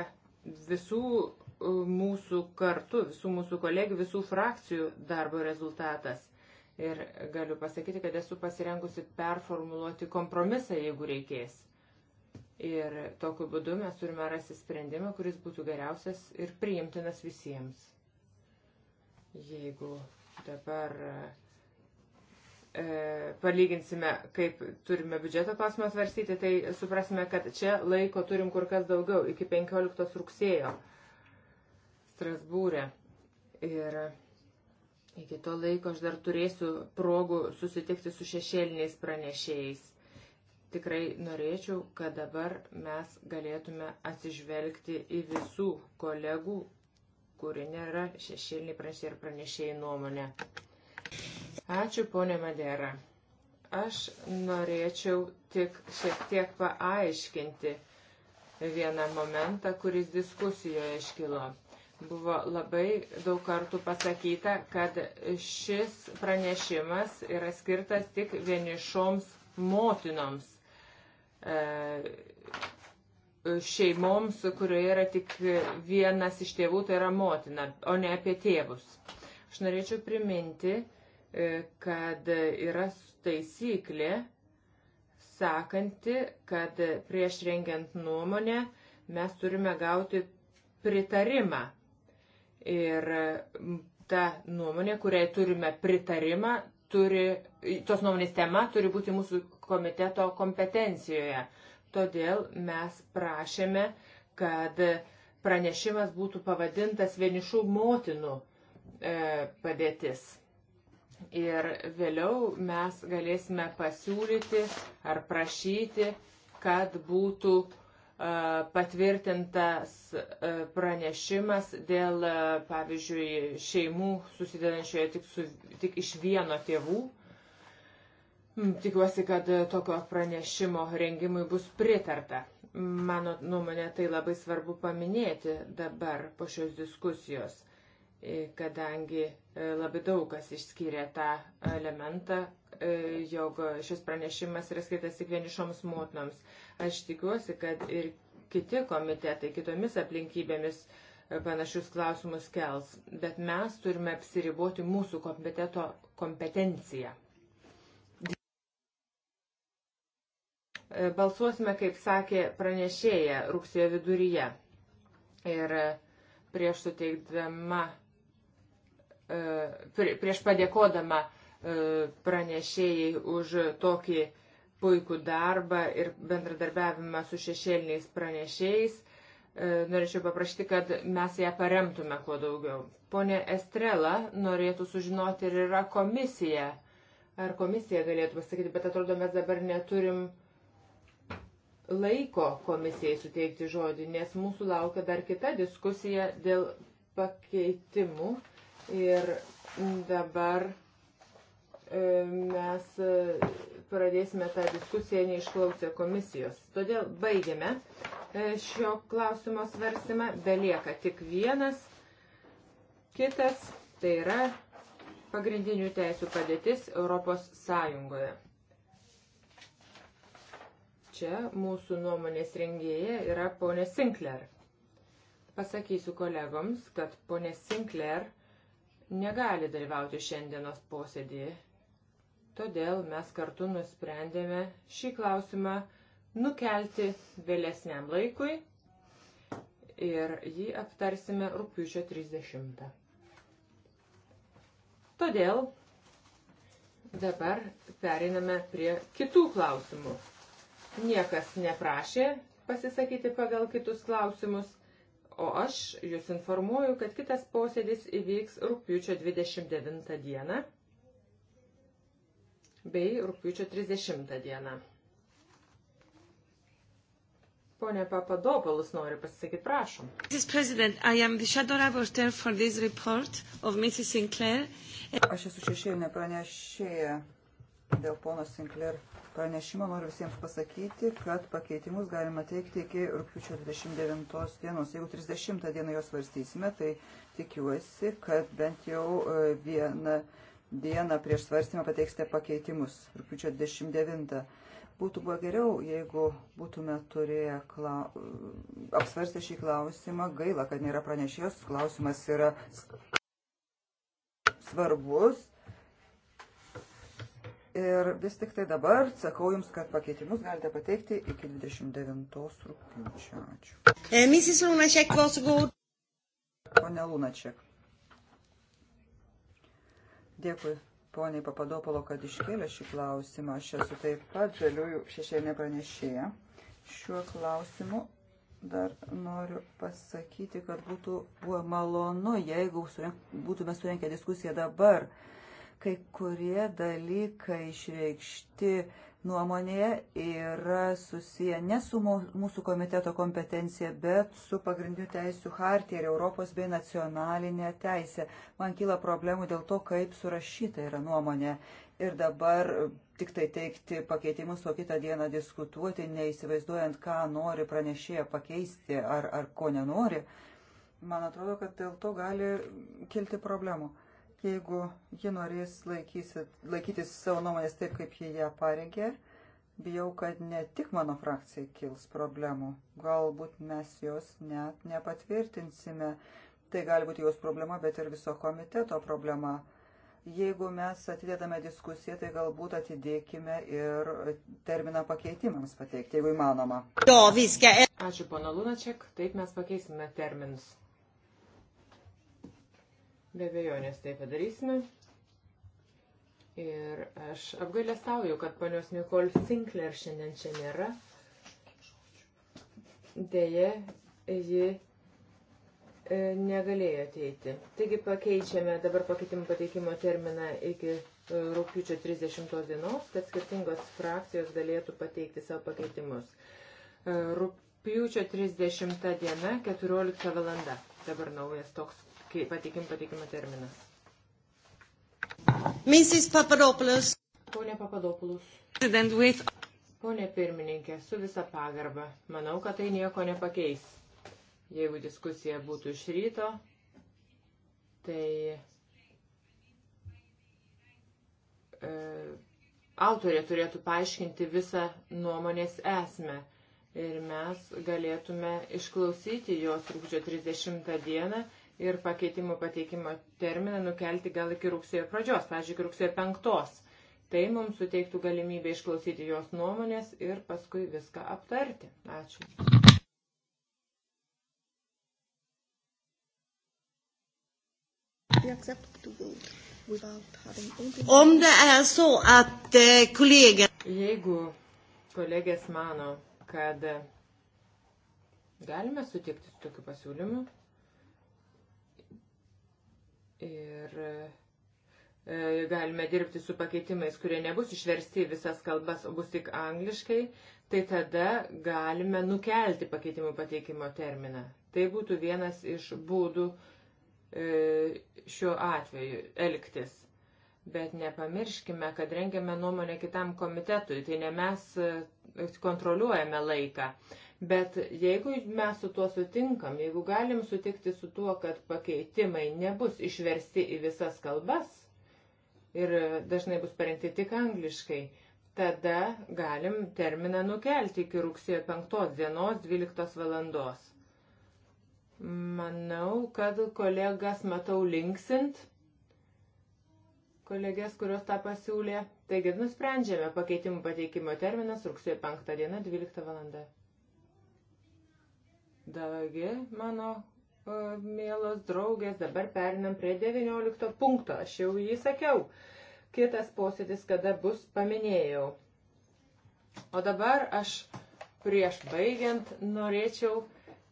visų e, mūsų kartu, visų mūsų kolegų, visų frakcijų darbo rezultatas. Ir galiu pasakyti, kad esu pasirengusi performuluoti kompromisą, jeigu reikės. Ir tokiu būdu mes turime rasti sprendimą, kuris būtų geriausias ir priimtinas visiems. Jeigu dabar e, palyginsime, kaip turime biudžeto klausimą svarstyti, tai suprasime, kad čia laiko turim kur kas daugiau iki 15 rugsėjo Strasbūrė. Ir iki to laiko aš dar turėsiu progų susitikti su šešėliniais pranešėjais tikrai norėčiau, kad dabar mes galėtume atsižvelgti į visų kolegų, kurie nėra šešėliniai pranešėjai ir pranešėjai nuomonę. Ačiū, ponė Madera. Aš norėčiau tik šiek tiek paaiškinti vieną momentą, kuris diskusijoje iškilo. Buvo labai daug kartų pasakyta, kad šis pranešimas yra skirtas tik vienišoms motinoms. E, šeimoms, kurioje yra tik vienas iš tėvų, tai yra motina, o ne apie tėvus. Aš norėčiau priminti, e, kad yra taisyklė sakanti, kad prieš rengiant nuomonę mes turime gauti pritarimą. Ir ta nuomonė, kuriai turime pritarimą, turi, tos nuomonės tema turi būti mūsų komiteto kompetencijoje. Todėl mes prašėme, kad pranešimas būtų pavadintas vienišų motinų e, padėtis. Ir vėliau mes galėsime pasiūlyti ar prašyti, kad būtų e, patvirtintas e, pranešimas dėl, pavyzdžiui, šeimų susidedančioje tik, su, tik iš vieno tėvų Hmm, tikiuosi, kad e, tokio pranešimo rengimui bus pritarta. Mano nuomonė tai labai svarbu paminėti dabar po šios diskusijos, e, kadangi e, labai daug kas išskyrė tą elementą, jog šis pranešimas yra skirtas tik vienišoms motinoms. Aš tikiuosi, kad ir kiti komitetai kitomis aplinkybėmis panašius klausimus kels, bet mes turime apsiriboti mūsų komiteto kompetenciją. E, balsuosime, kaip sakė pranešėja, rugsėjo viduryje. Ir prieš suteikdama, e, prieš padėkodama e, pranešėjai už tokį puikų darbą ir bendradarbiavimą su šešėliniais pranešėjais, norėčiau paprašyti, kad mes ją paremtume kuo daugiau. Pone Estrela norėtų sužinoti, ar yra komisija. Ar komisija galėtų pasakyti, bet atrodo, mes dabar neturim uh, laiko komisijai suteikti žodį, nes mūsų laukia dar kita diskusija dėl pakeitimų. Ir dabar e, mes e, pradėsime tą diskusiją neišklausę komisijos. Todėl baigiame e, šio klausimo svarstymą. Belieka tik vienas, kitas, tai yra pagrindinių teisų padėtis Europos Sąjungoje. Čia mūsų nuomonės rengėja yra ponė Sinclair. Pasakysiu kolegoms, kad ponė Sinclair negali dalyvauti šiandienos posėdėje. Todėl mes kartu nusprendėme šį klausimą nukelti vėlesniam laikui ir jį aptarsime rūpiučio 30. Todėl dabar pereiname prie kitų klausimų. Niekas neprašė pasisakyti pagal kitus klausimus, o aš jūs informuoju, kad kitas posėdis įvyks rūpiučio 29 dieną bei rūpiučio 30 dieną. Pone Papadopoulos nori pasisakyti, prašom. Mrs. President, I am the shadow rapporteur for this report of Mrs. Sinclair. Aš esu šešėlinė pranešėja dėl pono Sinclair pranešimo noriu visiems pasakyti, kad pakeitimus galima teikti iki rūpiučio 29 dienos. Jeigu 30 dieną jos svarstysime, tai tikiuosi, kad bent jau e, vieną dieną prieš svarstymą pateiksite pakeitimus. Rūpiučio 29. Būtų buvo geriau, jeigu būtume turėję kla... E, apsvarstę šį klausimą. Gaila, kad nėra pranešėjos. Klausimas yra svarbus Ir vis tik tai dabar sakau Jums, kad pakeitimus galite pateikti iki 29 rūpiučio. Ačiū. Eh, Mrs. Lunaček, was good. Pone Lunaček. Dėkui poniai Papadopolo, kad iškėlė šį klausimą. Aš esu taip pat žaliųjų šešėlinė pranešėja. Šiuo klausimu dar noriu pasakyti, kad būtų buvo malonu, jeigu surenk, būtume surenkę diskusiją dabar Kai kurie dalykai išreikšti nuomonėje yra susiję ne su mūsų komiteto kompetencija, bet su pagrindinių teisų hartija ir Europos bei nacionalinė teisė. Man kyla problemų dėl to, kaip surašyta yra nuomonė. Ir dabar tik tai teikti pakeitimus, o kitą dieną diskutuoti, neįsivaizduojant, ką nori pranešėja pakeisti ar, ar ko nenori, man atrodo, kad dėl to gali kilti problemų. Jeigu ji norės laikysi, laikytis savo nuomonės taip, kaip jie ją parengė, bijau, kad ne tik mano frakcijai kils problemų. Galbūt mes jos net nepatvirtinsime. Tai gali būti jos problema, bet ir viso komiteto problema jeigu mes atidedame diskusiją, tai galbūt atidėkime ir terminą pakeitimams pateikti, jeigu įmanoma. Jo, viską. Ačiū, pana Lunačiak. Taip mes pakeisime terminus. Be abejonės tai padarysime. Ir aš apgailestauju, kad ponios Nikol Sinclair šiandien čia nėra. Deja, ji e, negalėjo ateiti. Taigi pakeičiame dabar pakeitimų pateikimo terminą iki e, rūpiučio 30 dienos, kad skirtingos frakcijos galėtų pateikti savo pakeitimus. E, rūpiučio 30 diena, 14 valanda. Dabar naujas toks pateikim pateikimo terminą. Mrs. Papadopoulos. Pone Papadopoulos. Pone pirmininkė, su visa pagarba, manau, kad tai nieko nepakeis. Jeigu diskusija būtų iš ryto, tai e, autorė turėtų paaiškinti visą nuomonės esmę. Ir mes galėtume išklausyti jos rūpčio 30 dieną ir pakeitimų pateikimo terminą nukelti gal iki rugsėjo pradžios, pavyzdžiui, iki rugsėjo penktos. Tai mums suteiktų galimybę išklausyti jos nuomonės ir paskui viską aptarti. Ačiū. Om det är så att eh, kollegan... Jeigu kolegės mano, kad galime sutikti su tokiu pasiūlymu, E, galime dirbti su pakeitimais, kurie nebus išversti į visas kalbas, o bus tik angliškai, tai tada galime nukelti pakeitimų pateikimo terminą. Tai būtų vienas iš būdų e, šiuo atveju elgtis. Bet nepamirškime, kad rengiame nuomonę kitam komitetui, tai ne mes e, kontroliuojame laiką. Bet jeigu mes su tuo sutinkam, jeigu galim sutikti su tuo, kad pakeitimai nebus išversti į visas kalbas, ir dažnai bus parengti tik angliškai, tada galim terminą nukelti iki rugsėjo 5 dienos 12 valandos. Manau, kad kolegas matau linksint, kolegės, kurios tą pasiūlė. Taigi nusprendžiame pakeitimų pateikimo terminas rugsėjo 5 diena 12 valanda. Dagi mano mielos draugės, dabar perinam prie 19 punkto, aš jau jį sakiau. Kitas posėdis, kada bus, paminėjau. O dabar aš prieš baigiant norėčiau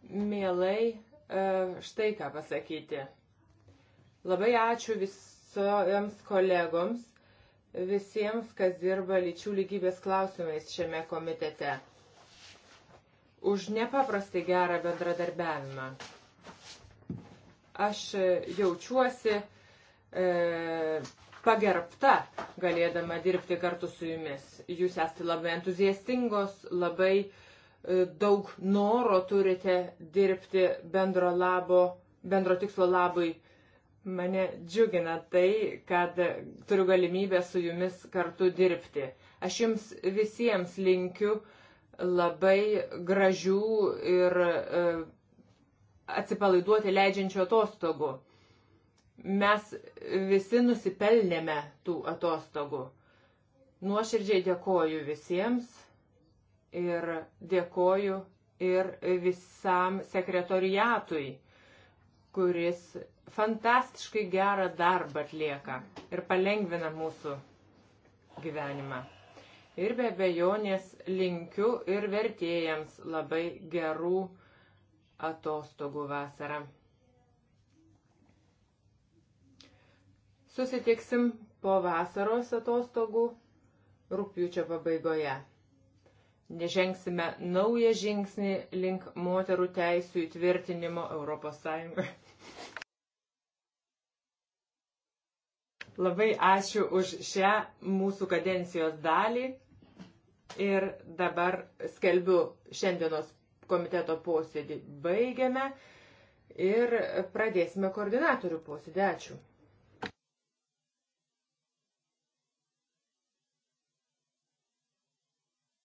mielai e, štai ką pasakyti. Labai ačiū visiems kolegoms, visiems, kas dirba lyčių lygybės klausimais šiame komitete. Už nepaprastai gerą bendradarbiavimą aš jaučiuosi e, pagerbta galėdama dirbti kartu su jumis. Jūs esate labai entuziastingos, labai e, daug noro turite dirbti bendro, labo, bendro tikslo labui. Mane džiugina tai, kad turiu galimybę su jumis kartu dirbti. Aš jums visiems linkiu labai gražių ir e, atsipalaiduoti leidžiančių atostogų. Mes visi nusipelnėme tų atostogų. Nuoširdžiai dėkoju visiems ir dėkoju ir visam sekretoriatui, kuris fantastiškai gerą darbą atlieka ir palengvina mūsų gyvenimą. Ir be bejonės linkiu ir vertėjams labai gerų atostogų vasarą. Susitiksim po vasaros atostogų rūpjūčio pabaigoje. Nežengsime naują žingsnį link moterų teisų įtvirtinimo ES. Labai ačiū už šią mūsų kadencijos dalį ir dabar skelbiu šiandienos komiteto posėdį baigiame ir pradėsime koordinatorių posėdį. Ačiū.